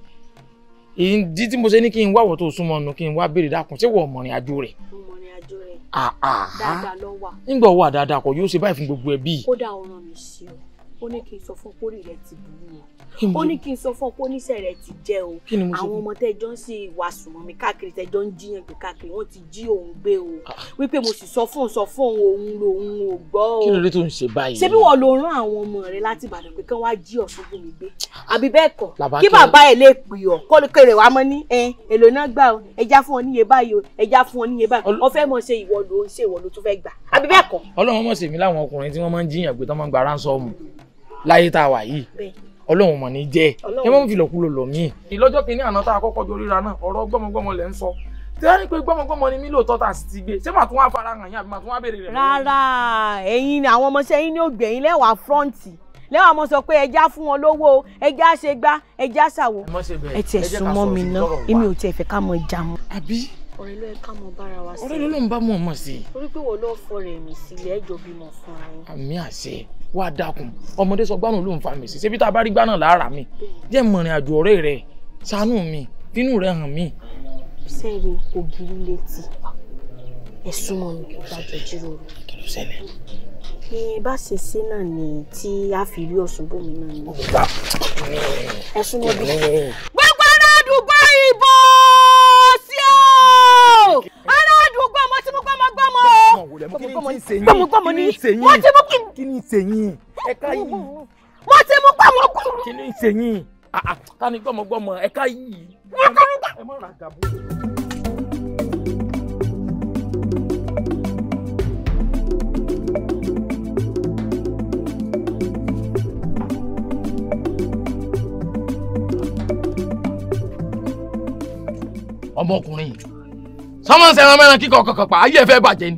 ìdí tí mo ṣe ní kí n wáwọ̀ tó súnmọ́ nu kí n wá béèrè dákun ṣé wọ́n mọ̀rìn àjò rẹ̀ ah, ah, ah. nígbà wà dáadáa kọ yóò ṣe báyìí fún gbogbo ẹbí. kódà ọ̀ràn mi sí ọ ó ní kí n sọ fún pórí rẹ ti burú o ó ní kí n sọ fún póníṣẹ́ rẹ ti jẹ́ o àwọn ọmọ tẹjọ́ ń ṣe ìwàsùn mọ́ mi káàkiri tẹjọ́ ń jiyàn gbé káàkiri wọ́n ti jí òun gbé o ah. wípé mo sì sọ fún un sọ fún òun lòun ò gbọ́ o kí ló dé tó ń ṣe báyìí ṣé bí wọ́n lo rán àwọn ọmọ rẹ láti Ìbàdàn pé kán wá jí ọ̀ṣọ́gun mi gbé ah. àbí bẹ́ẹ̀ kọ́ kí bàbá ẹ̀ lè pè ọ́ kó lè kéré wàá mọ́ ní ẹ èlò náà gbà o ẹja fún ọ níye báyìí o ẹja fún ọ níye báyìí láyé tá a wà yìí ọlọ́run mọ̀ ní jẹ́ ẹ mọ́ fìlọ̀ kú ló lọ mí. ìlọ́jọ́ kìíní àná tá a kọ́kọ́ jọ ríra náà ọ̀rọ̀ gbọ́mọgbọ́mọ lẹ́ ń sọ tí wọ́n ní pé gbọ́mọgbọ́mọ ni mí lóòótọ́ tá a sì ti gbé ṣé màá tún wá fara hàn yín àbí màá tún wá béèrè rẹ̀. rárá ẹ̀yin ni àwọn ọmọọṣẹ́ yín ní ògbẹ̀yìn lẹ́wàá fúrọ́ǹtì lẹ́wọ̀n mo sọ pé ẹja fún wọn lówó ẹja ṣe gbá ẹja ṣàwò. ẹ tiẹ̀ sún mọ́ mi ná èmi ò tiẹ̀ fẹ́ ká mọ ìjà mọ́. àbí ọ̀rẹ́ ló yẹ ká mọ bára wa sí. ọ̀rẹ́ ló ló ń bá mọ̀ mọ̀ sí. orí pé wo ló fọ rẹ̀ mí sílẹ̀ ẹ̀jọ̀ bímọ fúnra yín. àmì àṣẹ wà á dákun ọmọdé sọ gbánà ló ń fa mi sí ṣebí tá a bá rí gbánà lára mi jẹ́ mọ̀rìn àjò ọ̀rẹ́ rẹ̀ ṣàánú mi fínú rẹ̀ hàn mí. sẹ́ẹ̀rì ògiri létí ẹ̀sùn mọ́ mi gbàjọ jíròrò. kí ló ṣẹlẹ̀? ní bá ṣe ṣe náà ni tí a fi rí ọ̀sùn bòmí náà ni. ẹ̀sùn mọ́bí. gbogbo ará àdúgbò ìbò sí o ará àdúgbò ọmọ tí mo gbọ́ ọmọ gbọ́ ọmọ o gbọ́mọ gbọ́mọ ni mo ti mú kí. kí ni ìsèyìn ẹ̀ka yìí. mo ti mú ah, ah, gbọ́mọ gbọ́mọ. kí ni ìsèyìn ká ni gbọ́mọ gbọ́mọ ẹ̀ka yìí. ẹ má ra gàbó. ọmọkùnrin yìí sọmọ nsẹ ẹran mẹran kíkọ kọkàn pa ayé ẹ fẹ́ bàjẹ́ ni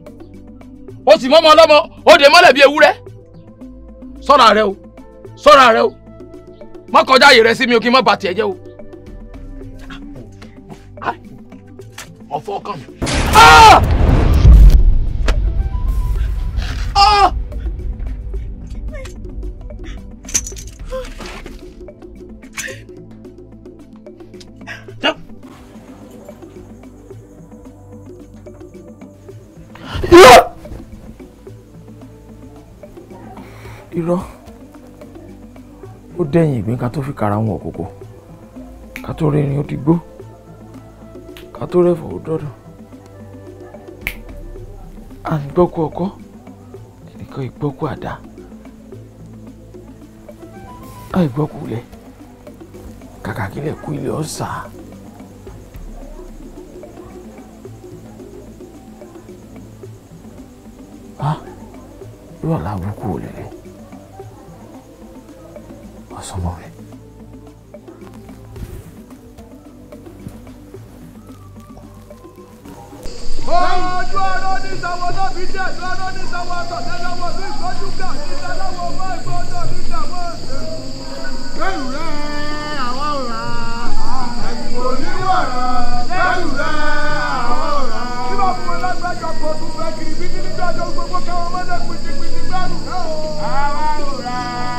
o sì mọmọ ọlọmọ o dè mọ́lẹ̀ bíi ewúrẹ́ ṣọ́ra rẹ o ṣọ́ra rẹ o má kọjá àyè rẹ sí mi o kí n má bà tiẹ̀ jẹ́ o. ọ̀fọ̀ kan irọ́ ó dẹ̀yìn ìgbín ká tó fi kàrà wọn òkòkò ká tó rìnrìn ó ti gbó ká tó rẹ̀fọ̀ ó dọ̀dọ̀ à ń gbọ́kú ọkọ́ ẹnìkan ìgbọ́kú àdá àìgbọ́kú lẹ̀ kàkà kílẹ̀ kú ilé ọ̀sà. Ah, lọ́la àbúkù ò lè lè wá sọ́mọ rẹ̀. ojú ọ̀rọ̀ ní sanwó tó fi dé ẹ̀dùn ọ̀rọ̀ ní sanwó ọ̀tọ̀ tẹ́lẹ̀wọ̀ bí ìgbójú kà ní tẹ́lẹ̀wọ̀ mọ́ ìgbójú ní ìdààmú ọ̀sẹ̀. lẹ́yìn rẹ̀ àwọn ọ̀rà ẹ̀kọ́ oníwọ̀rọ̀ lẹ́yìn rẹ̀ àwọn ọ̀rà. kí ló fún lágbájọ kó tún fẹ́ kiri bí nígbà tó gbogbo káwọn mọ́lẹ̀ pìtìpìtì gbẹ́rù náà. àwọn ọ̀rà.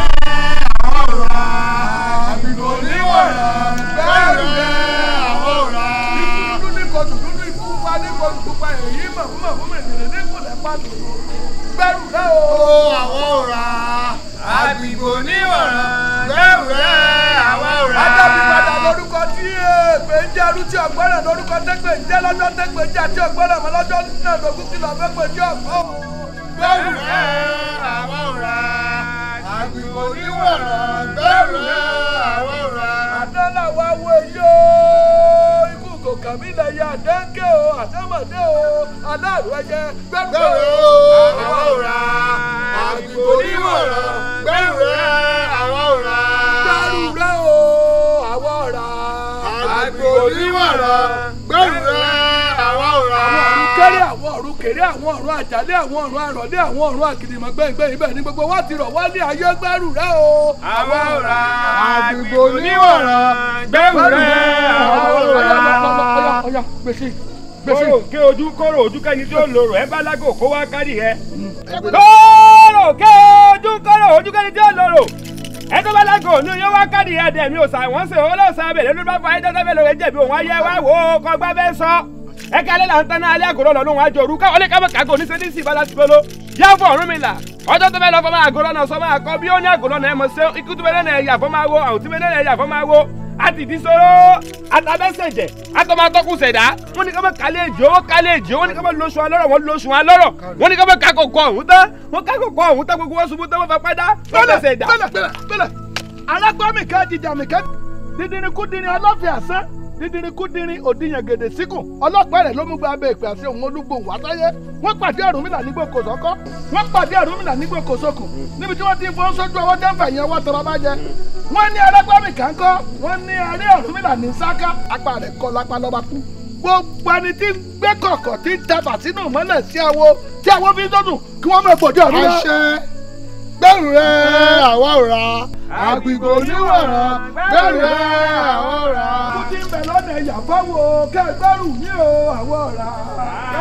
ọkọ̀ tẹ́gbẹ̀ jẹ́ lọ́jọ́ tẹ́gbẹ̀ jẹ́ àti ọ̀gbọ́n àmọ́ lọ́jọ́ náà lógún kìlọ̀ fẹ́gbẹ̀ jẹ́ ọ̀gbọ́n. gbẹ̀rù rẹ̀ àwọn ọ̀rá àgbìkò oníwọ̀ràn gbẹ̀rù rẹ̀ àwọn ọ̀rá. àdánlá wa wo eyó ikú kò kàn mí lẹ́yìn àdánkè o àtẹ́mọ̀dé o aláàrú ẹyẹ gbẹ̀rù rẹ̀ àwọn ọ̀rá àgbìkò oníwọ̀ràn gbẹ̀rù rẹ̀ àwọn ọ̀rá. gbẹ̀rù rẹ̀ o àwọn ọ̀rá àgbìkò kéré àwọn ọ̀run kéré àwọn ọ̀run àjálẹ̀ àwọn ọ̀run àròlé àwọn ọ̀run àkìdìmọ̀ gbẹ̀ngbẹ̀ ibẹ̀ ni gbogbo wa ti rọ̀ wá ní ayé gbẹ́rù rẹ o. àwa ò ra àgbègbè gbẹ́rù rẹ àwa ò ra. gbèsè gbèsè. kóró ké ojú kóró ojú kẹ́ni ní yóò wá kárí mm. dẹ̀ mi ò sà wọ́n sè lọ́sàn-án bẹ̀rẹ̀ ló bá fa ẹ dọ́dọ́ bẹ̀rẹ̀ lóore jẹ̀bi òun ayé wá wò ó kọ́ gbá sọ ẹ kálẹ̀ là ń tán náà alẹ́ àgọ́rọ̀ lọ lóhun àjọrú káwọn lè kábọ̀ kágò ní sẹ́dí sí ìbálá tìbọ́lọ́ yá fún ọ̀run mi là ọjọ́ tó fẹ́ lọ fọmọ àgọ́rọ̀ náà sọmọ àkọ́ bí ó ní àgọ́rọ̀ náà ẹ mọ̀ ṣe ikú tó fẹ́ náà ẹ̀yà fọmọ àwo àwọn tí fẹ́ náà ẹ̀yà fọmọ àwo àtìdí sọ̀rọ̀ àtàbẹ́sẹ̀jẹ̀ àtọmọtọ́kùn ṣẹ̀dá wọ́n ní ká bá kálẹ̀ èjì owó kálẹ̀ èjì wọ́n ní ká bá lóṣù alọ́rọ̀ wọ́n lóṣù alọ́rọ̀ wọ́n ní ká bá kákòkò ọ̀hún dídírín kú síkùn ọlọ́pàá ló mú gba abẹ́ ìpè àti òun olúgbòhùn wátáyé wọ́n pàdé Ọ̀rúnmìlà nígbò kò wọ́n pàdé Ọ̀rúnmìlà nígbò kò níbi tí wọ́n ti fọ́ sójú ọwọ́ dẹ́fà yẹn wọ́n tọrọ bá jẹ wọ́n ní alágbámi kàńkọ́ wọ́n ní aré Ọ̀rúnmìlà ní sáká apá rẹ̀ kọ́ lápá lọ́ba kú gbogbo ẹni tí ń gbé kọ̀kọ̀ sínú mọ́lẹ̀ sí awo tí awo fi ń dọ́dún gbẹ̀rù rẹ àwa ò ra àgbègbè oníwọ̀ràn gbẹ̀rù rẹ àwa ò ra. mo ti ń bẹ̀ lọ́nà ìyàbọ̀ wo kẹ́ ẹ gbẹ́rù mi o àwa ò ra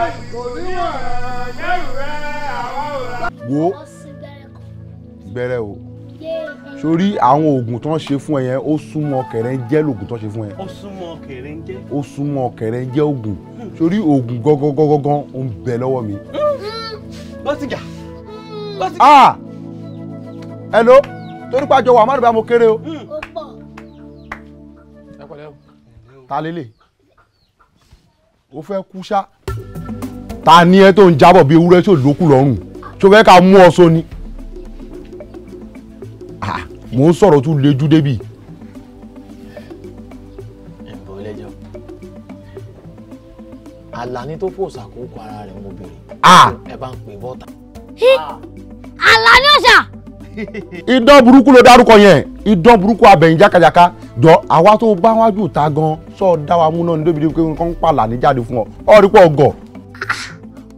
àgbègbè oníwọ̀ràn gbẹ̀rù rẹ àwa ò wo gbẹrẹ o e. sórí àwọn oògùn tó ń ṣe fún ẹ yẹn ó súnmọ́ kẹrẹ́ńjẹ́ lóògùn tó ń ṣe fún ẹ. ó súnmọ́ kẹrẹ́ńjẹ́. ó súnmọ́ kẹrẹ́ńjẹ́ oògùn sórí oògùn gangan gangan ń bẹ lọ́wọ́ mi. bọ́sìgà bọ́sìgà. Ah! hello torí pàjọ wà márùn bá mo kéré hmm. o. ta lélẹ̀ o fẹ́ kú ṣá ta ni ẹ tó ń jábọ̀ bí ewúrẹ́ tí ò lókù lọ́rùn tó fẹ́ ká mú ọ sóni mò ń sọ̀rọ̀ tún lejú débi. àlàní tó fò sàkókò ara rẹ̀ mo bèrè. ẹ bá ń pè bọ́ta. àlàní ọ̀sà idán burúkú ló dárúkọ yẹn idán burúkú abẹ̀yìn jákàjáká jọ àwa tó bá wájú ta gan sọ dá wa mú náà ní débi pé nǹkan ń pààlà ní fún ọ ọ rí pé ọgọ.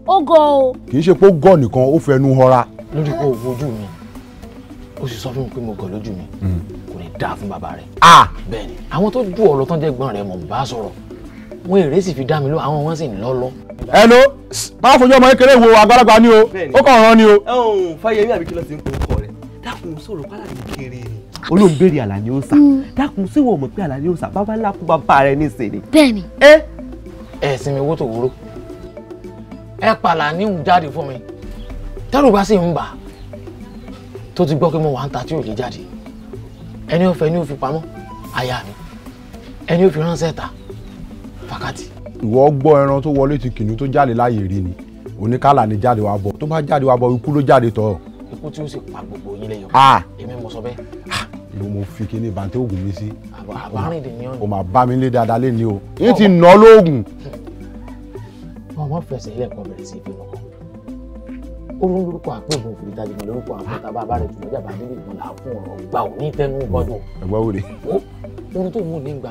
ó gọ o. kì í ṣe pé ó gọ nìkan ó fẹnu họra. lórí pé o mi ó sì sọ fún mi pé mo gọ lójú mi hmm. kò ní dáa fún bàbá rẹ. bẹ́ẹ̀ ni àwọn tó ju ọ̀rọ̀ tán jẹ́ gbọ́n rẹ̀ mọ̀ bá sọ̀rọ̀ wọn èrè sì fi dá mi lọ àwọn wọn sì ń lọ́lọ́. ẹnu máa fojú ọmọ kékeré wo àgbàlagbà ni o ó kàn rán ni o. ẹ ò fàyẹmí àbí kí ló ti ń dákun sọ̀rọ̀ pálá ní kiri ni. olóhùn béèrè àlàní òòsà hmm. dákun sí ìwọ mọ̀ pé àlàní òòsà bàbá ńlá kú bàbá rẹ níṣẹ́ ni. bẹ́ẹ̀ni. ẹ ẹ sinmi owó tó wúrò ẹ pàlà ní òun jáde fún mi tẹ́rù bá sì ń bà tó ti gbọ́ pé mo wà ń ta tí ò lè jáde ẹni ò fẹ́ ni ò fi pamọ́ aya mi ẹni ò fi ránṣẹ́ ta fàkàtì. ìwọ gbọ́ ẹran tó wọlé ti kìnnìún tó jáde láàyè rí ni oníkàlà ni jáde wá bọ̀ tó bá jáde wá bọ̀ ikú ló jáde tọ̀ ọ́ kú tí ó sì pa gbogbo yín lẹ́yọ. èmi mo sọ bẹ́ẹ̀. ló mo fi kíní bàǹtẹ́ oògùn mi sí. àbárìn dèmí ọ̀nà. o máa bá mi lé dáadáa lé o yín ti nà ọ́ lóògùn. ọmọ fẹsẹ̀ ilé ẹ̀kọ́ bẹ̀rẹ̀ sí ìpinnu kan orun lórúkọ àpéjọ òfin ìtajà ìmọ̀ lórúkọ àpótá bàbá rẹ̀ jùlọ jàbá nílé ìmọ̀lá fún ọ̀rọ̀ gbà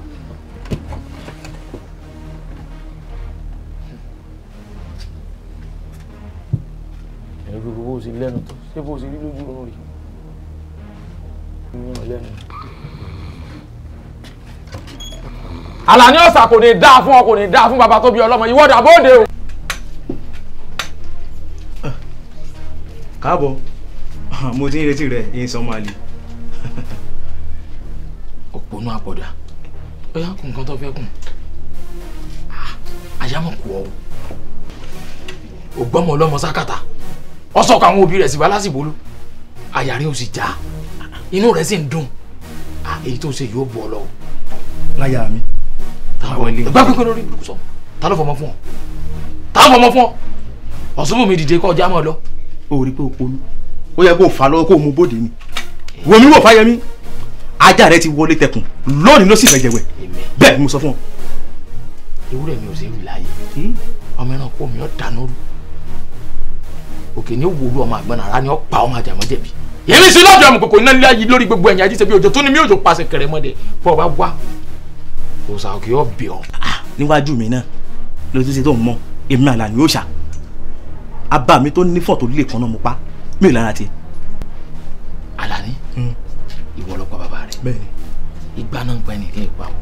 lẹ́nu tó ṣé bó ṣe rí lójú oorun rí ìyẹn lẹ́nu. Àlàní ọ̀sà kò ní dáa fún ọ kò ní dáa fún bàbá tó bí ọlọ́mọ ìwọ́dà bóde o. káàbọ̀ mo ti ń retí rẹ̀ yín sọ máa le. òpònú àpọ̀dà bóyá kò nǹkan tó fẹ́ kù ah, àyàmọ̀ kù ọ́ o gbọ́mọ ọlọ́mọ sákàtà ọ sọkọ àwọn òbí rẹ̀ sì wá lásìkò ló àyà rẹ̀ ò sì já inú rẹ̀ sì ń dùn ah, èyí tó ṣe yóò bọ̀ ọ lọ́wọ́. láyà mi. táwọn ilé ìgbà pípé lórí ibùdókòsọ ta ló fọmọ fún ọ ta ló fọmọ fún ọ ọ̀sùnmù mi dìde kọjá mọ́ ọ lọ. o rí pé o polú ó yẹ kó o fà lọ́wọ́ kó o mú bóde mi wo mi wò fáyemí ajá rẹ ti wọlé tẹkùn lónìí ló sì fẹ́ jẹ̀wẹ̀ bẹ́ẹ̀ ni mo sọ fún ọ. ewúrẹ́ mi ò ṣe òkè ní òwúrú ọmọ àgbọ̀nà ara ni ó pa ọmọ àjàmọ́ jẹ̀bi èmi sí lọ́dọ̀ àmì kòkò iná líláyìí lórí gbogbo ẹ̀yìn ajíṣẹ́ bí òjò tó ní mí òjò pàṣẹ kẹrẹ mọ́dẹ fún ọba wá òòsà òkè yóò bì ọ́. níwájú mi náà ló ti ṣe tó ń mọ èmi àlà ni ó ṣà abá mi tó nífọ̀ tó lè kaná mo pa mí ò lára tiẹ̀. Àlàní hmm. ìwọ ló pa bàbá rẹ bẹ́ẹ̀ni ìgbà náà ń pẹ́ nìkan ìpa ò.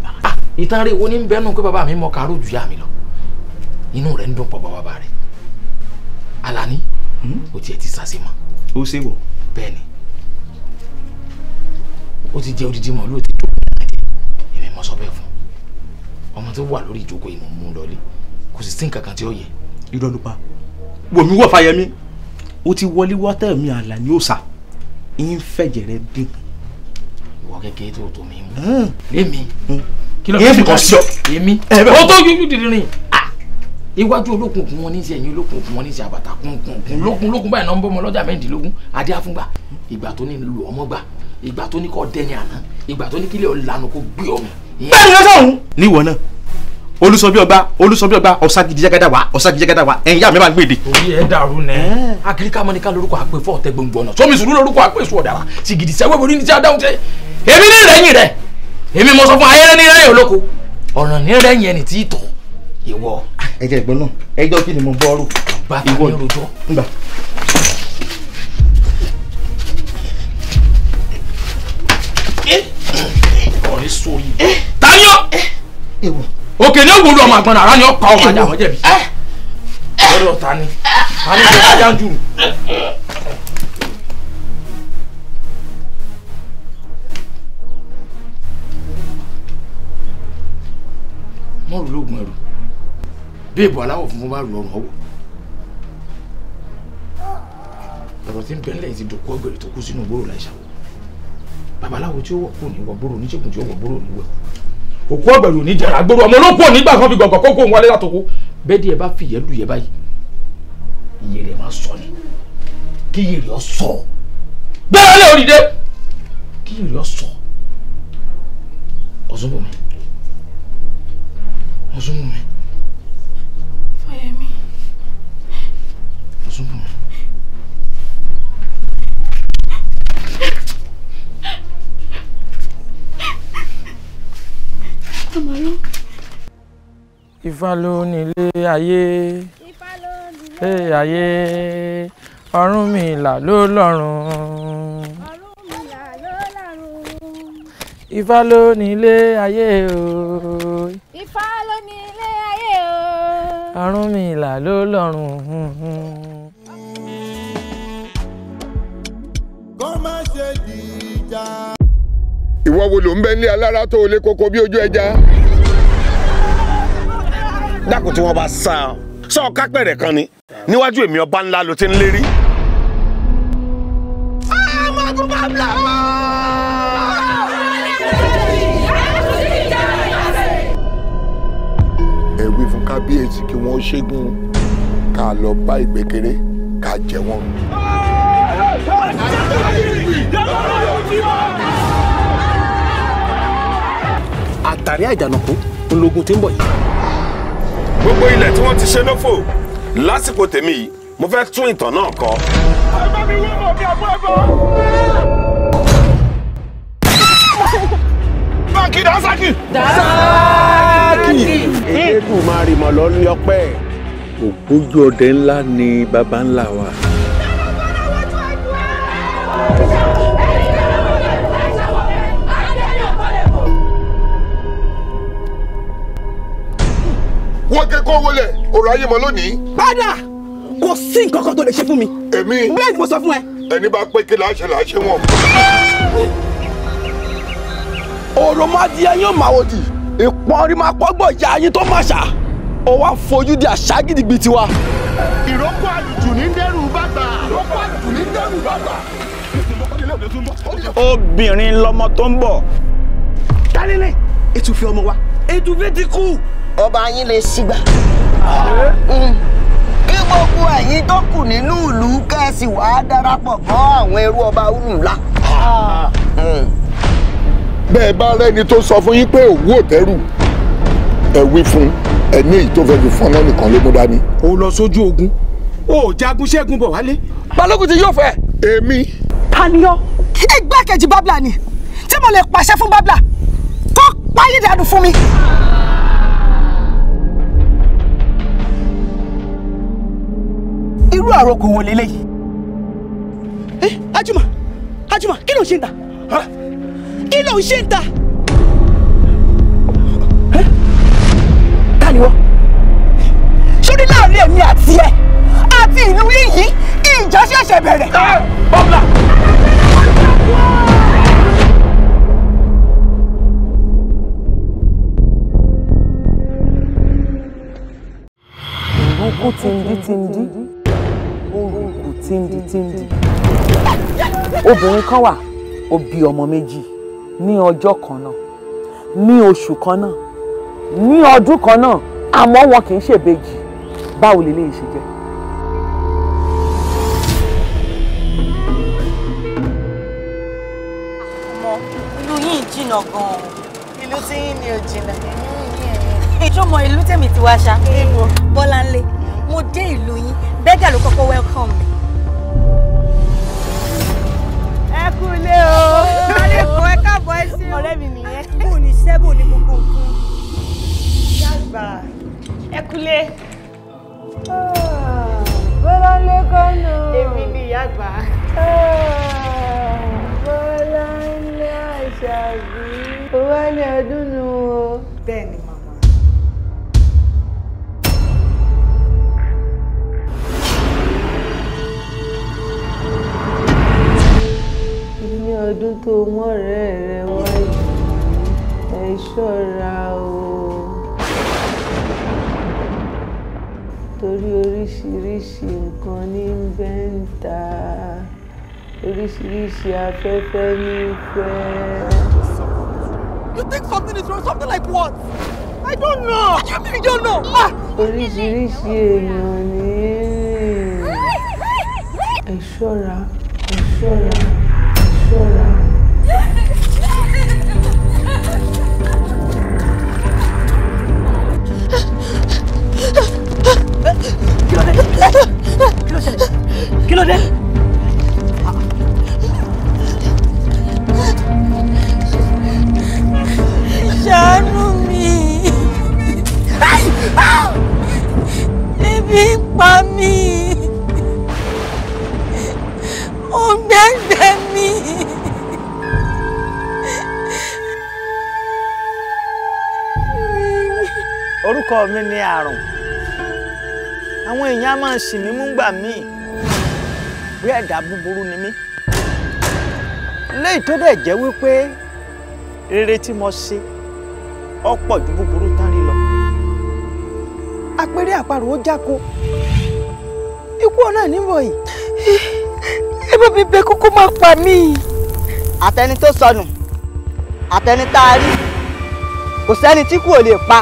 ìtàn rẹ̀ wo ni ń bẹ́nu pé bàbá mi mọ kàró ju yá mi lọ inú rẹ̀ ń dùn pọ̀ bàbá rẹ̀ alani Hmm? o tiẹ̀ ti sase mọ́. ó ṣe wọ. bẹ́ẹ̀ni ó ti jẹ odidi mọ olóòtú tó kún náà jẹ èmi mọ sọ bẹ́ẹ̀ fún ọmọ tó wà lórí ìjókòó yìí mọ mú un lọlé kò sì sí nǹkan kan tí ó yẹ. irọ́ ló pa wòmí wọ̀ fàyẹmí ó ti wọlé wọ́tẹ̀ mi àlà ni ó sà ń fẹ̀jẹ̀ rẹ dín. ìwọ kékeré tó tó mi mú. èmi kí ló fi kọ́ sí ọ. èmi ó tó yújú dìrín iwájú olókùnkùn wọn ní í ṣe ẹ̀yìn olókùnkùn wọn ní í ṣe àbàtà kùnkùnkùn lókun lókun báyìí náà ń bọ́ ọmọ lọ́jà mẹ́rìndínlógún adé afúngbà ìgbà tó ní lu ọmọ gbà ìgbà tó ní kọ́ dẹni àná ìgbà tó ní kílẹ̀ ọ̀lànà kó gbé ọmọ. bẹ́ẹ̀ ni ó sọ̀hún. níwọ̀n náà olùsọ̀bí ọba olùsọ̀bí ọba ọ̀sàgìdì jẹ́gàdà wa ọ̀sàgìdì wa ẹ̀yin yá mi máa ń gbèdè. orí ẹ dàrú nẹ. agirika mọ́nìká lorúkọ àpè fún ọ̀tẹ gbòǹgbò ọ̀nà sómi sùúrù lorúkọ àpè sùn ọ̀dàrà sìgìdì sẹ́wọ́ ìbò ní ti adáhùn ṣe. èmi ní ìrẹ́yìn rẹ èmi mo sọ fún ayẹyẹ ní ìrẹ́yìn olóko ọ̀ràn ẹ̀jẹ̀ ìgbọ́n náà ẹjọ́ kí ni mo bọ́ ọ́rù. bàbá mi rojọ́. ngbà. ọ̀rẹ́ sórí. tani ọ. ewu. òkè ní òwúrọ̀ ọmọ àgbọ̀n ara ni ọ pa ọmọ àjà àwọn jẹ̀bi. lọ́dọ̀ tani tani ló ń jájú. mọ̀rù lóògùn ẹ̀rù bí ìbò aláwọ̀ funfun bá lù ọ̀rùn ọwọ́ lọ́rọ̀ tí ń bẹ̀rẹ̀ ti dòkú ọgbẹ̀rẹ̀ tó kú sínú gbòòrò láìsàwọ̀ babaláwo tí ó wọ̀ kú ní wọ̀ gbòòrò oníṣègùn tí ó wọ̀ gbòòrò ní wẹ̀ òkú ọgbẹ̀rẹ̀ òní jẹ̀rà gbòòrò ọmọ olóko nígbà kan fi gbọ̀ngàn kókó òun wálé látòkó bẹ́ẹ̀ díẹ̀ bá fìyẹ́ lù yẹ báyìí iye máa sọ ni kí iye rẹ̀ sọ bẹ́ẹ̀ lé òrìdé kí iye rẹ̀ sọ ọ̀ṣunbùnmi ọ̀ṣunbùnmi túbú. àmàlú. Ifá ló nílé ayé lé ayé Ọ̀rúnmìlà ló lọ́run. Ọ̀rúnmìlà ló lọ́run. Ifá ló nílé ayé o. Ifá ló nílé ayé o. Ọ̀rúnmìlà ló lọ́run. kó má ṣe dìjà. ìwọ wo ló ń bẹ ní alára tó o koko bí ojú ẹja. dákun tí wọ́n bá sá ọ sọ kápẹ̀rẹ̀ kan ni níwájú èmi ọba ńlá ló ti ń lérí. ọmọ ogun bá bla ẹ̀wí fún kábíyèsí kí wọ́n ṣẹ́gun ká lọ bá ìgbẹ́kẹ̀rẹ́ ká jẹ wọ́n àtàrí àjànàkú ológun tí ń bọ̀ yìí. gbogbo ilẹ̀ tí wọ́n ti ṣe lófò lásìkò tèmi yìí mo fẹ́ tún ìtàn náà kọ. ọgbẹ́ mi wọ́n mọ̀ bí àbúrò bọ̀. báńkì dánsákì. dánsákì. ètò máa rìmọ̀ lọ́lẹ́ ọpẹ́. ògbójú ọdẹ ńlá ni baba ńlá wa wọ́n ké kó wọlé ọ̀rọ̀ ayé mọ lónìí. padà kò sí nǹkan kan tó lè ṣe fún mi. èmi bẹ́ẹ̀ ni mo sọ fún ẹ. ẹni bá pé kí láṣẹ láṣẹ wọn. ọ̀rọ̀ máa di ẹyán màwòdì ìpọ́nrí máa pọ́gbọ̀ ìyá yín tó máa ṣà ó wá fojú di àṣà gidigbi tiwa. ìrókò àlùjù ní dẹ́rù bàbà. ìrókò àlùjù ní dẹ́rù bàbà obìnrin lọmọ tó ń bọ̀. dálélẹ̀ ètò fi ọmọ wa ètò fi ti kú. ọba yín lè sígbà kí gbogbo ẹ̀yin tó kù nínú ìlú kẹ́sì wàá darapọ̀ mọ́ àwọn ẹrú ọba Ọ̀rúnmìlà. Hmm. bẹ́ẹ̀ bá rẹ́ni tó sọ fún yín pé òwú òtẹ́rù ẹ wí fún ẹ̀mí èyí tó fẹ́ fi fún ọ nìkan ló mú dání. o lọ sójú ogun ó jagun ṣẹ́gun bọ̀ wálé. balógun ti yóò fẹ́. èmi taniọ́. igbákejì babla ni tí mo lè pàṣẹ fún babla kó páyì dànù fún mi. irú àròkò wo leléyìí. ẹ ajuma ajuma kí ló ń ṣe ń ta kí ló ń ṣe ń ta. ta ni wọ́n. sórí láàrin èmi àti ẹ àti ìlú yìí ìjà ṣẹ̀ṣẹ̀ bẹ̀rẹ̀. bọ́ọ̀lá. òkú tìǹdì tìǹdì òkú tìǹdì tìǹdì obìnrin kan wà ó bí ọmọ méjì ní ọjọ́ kan náà ní oṣù kan náà ní ọdún kan náà àmọ́ wọn kì í ṣèbejì báwo lè lè ṣe jẹ́. jìnnà gan-an. ìlú tí yín ni ò jìnnà. mọ ìlú tèmi ti wá ṣá. ibo Bọ́láńlé mo dé ìlú yín bẹ́gà ló kọ́kọ́ welcome mi. ẹ kú o. ọ̀rẹ́ kò ẹ káàbọ̀ ẹ sí. ọ̀rẹ́ mi nìyẹn. Ah, bò ní sẹ́bò ní gbogbo nǹkan. yàgbà ẹ kúlé. Ah, Bọ́láńlé kọ́nù. èmi ni ìyá ṣàbí ó wá ní ọdún nu o. bẹ́ẹ̀ ni màmá. ní ọdún tó mọ̀rẹ́ rẹ wáyé ẹ ṣọ́ra o. torí oríṣiríṣi nǹkan ní bẹ́ńtà oríṣiríṣi afẹ́fẹ́ ní fẹ́. You think something is wrong? Something like what? I don't know. What do you mean you don't know? Ah, oríṣiríṣi èèyàn ní. Ẹ ṣọ́ra, ẹ ṣọ́ra, ẹ ṣọ́ra. Kí ló dé? Kí ló dé? bí ń pa mí ó gbẹ́gbẹ́ mi. orúkọ mi ni àrùn àwọn èèyàn máa ń sì mí mú gbà míì bí ẹ̀dá búburú ni mí léyìí tó dẹ̀ jẹ́ wípé rere tí mo ṣe ọ̀pọ̀ ju búburú tán rí lọ apẹ̀rẹ̀ àparò ó jáko ikú ọ̀nà níwọ̀ yìí. ẹ bá mi bẹ̀ kókó máa pa mí. àtẹni tó sọnù àtẹni tá a rí kò sẹ́ni tí kú lè pa.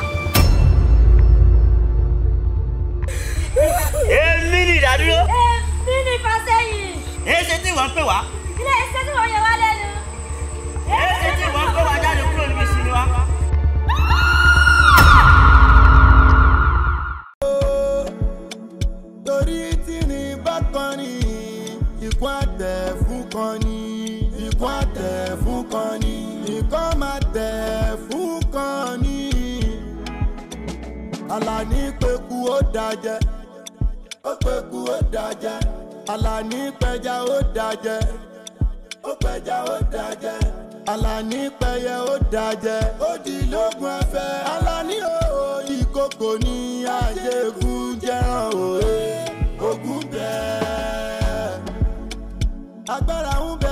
Alani peku ó dajẹ ó peku ó dajẹ Àlàní pẹja ó dajẹ ó pẹja ó dajẹ Alani pẹyẹ o dajẹ ó di lógun ẹ̀fẹ̀ Àlàní o ìkòkò ní àjẹgùn jẹran òye ogun bẹ́ẹ̀ agbára ń bẹ.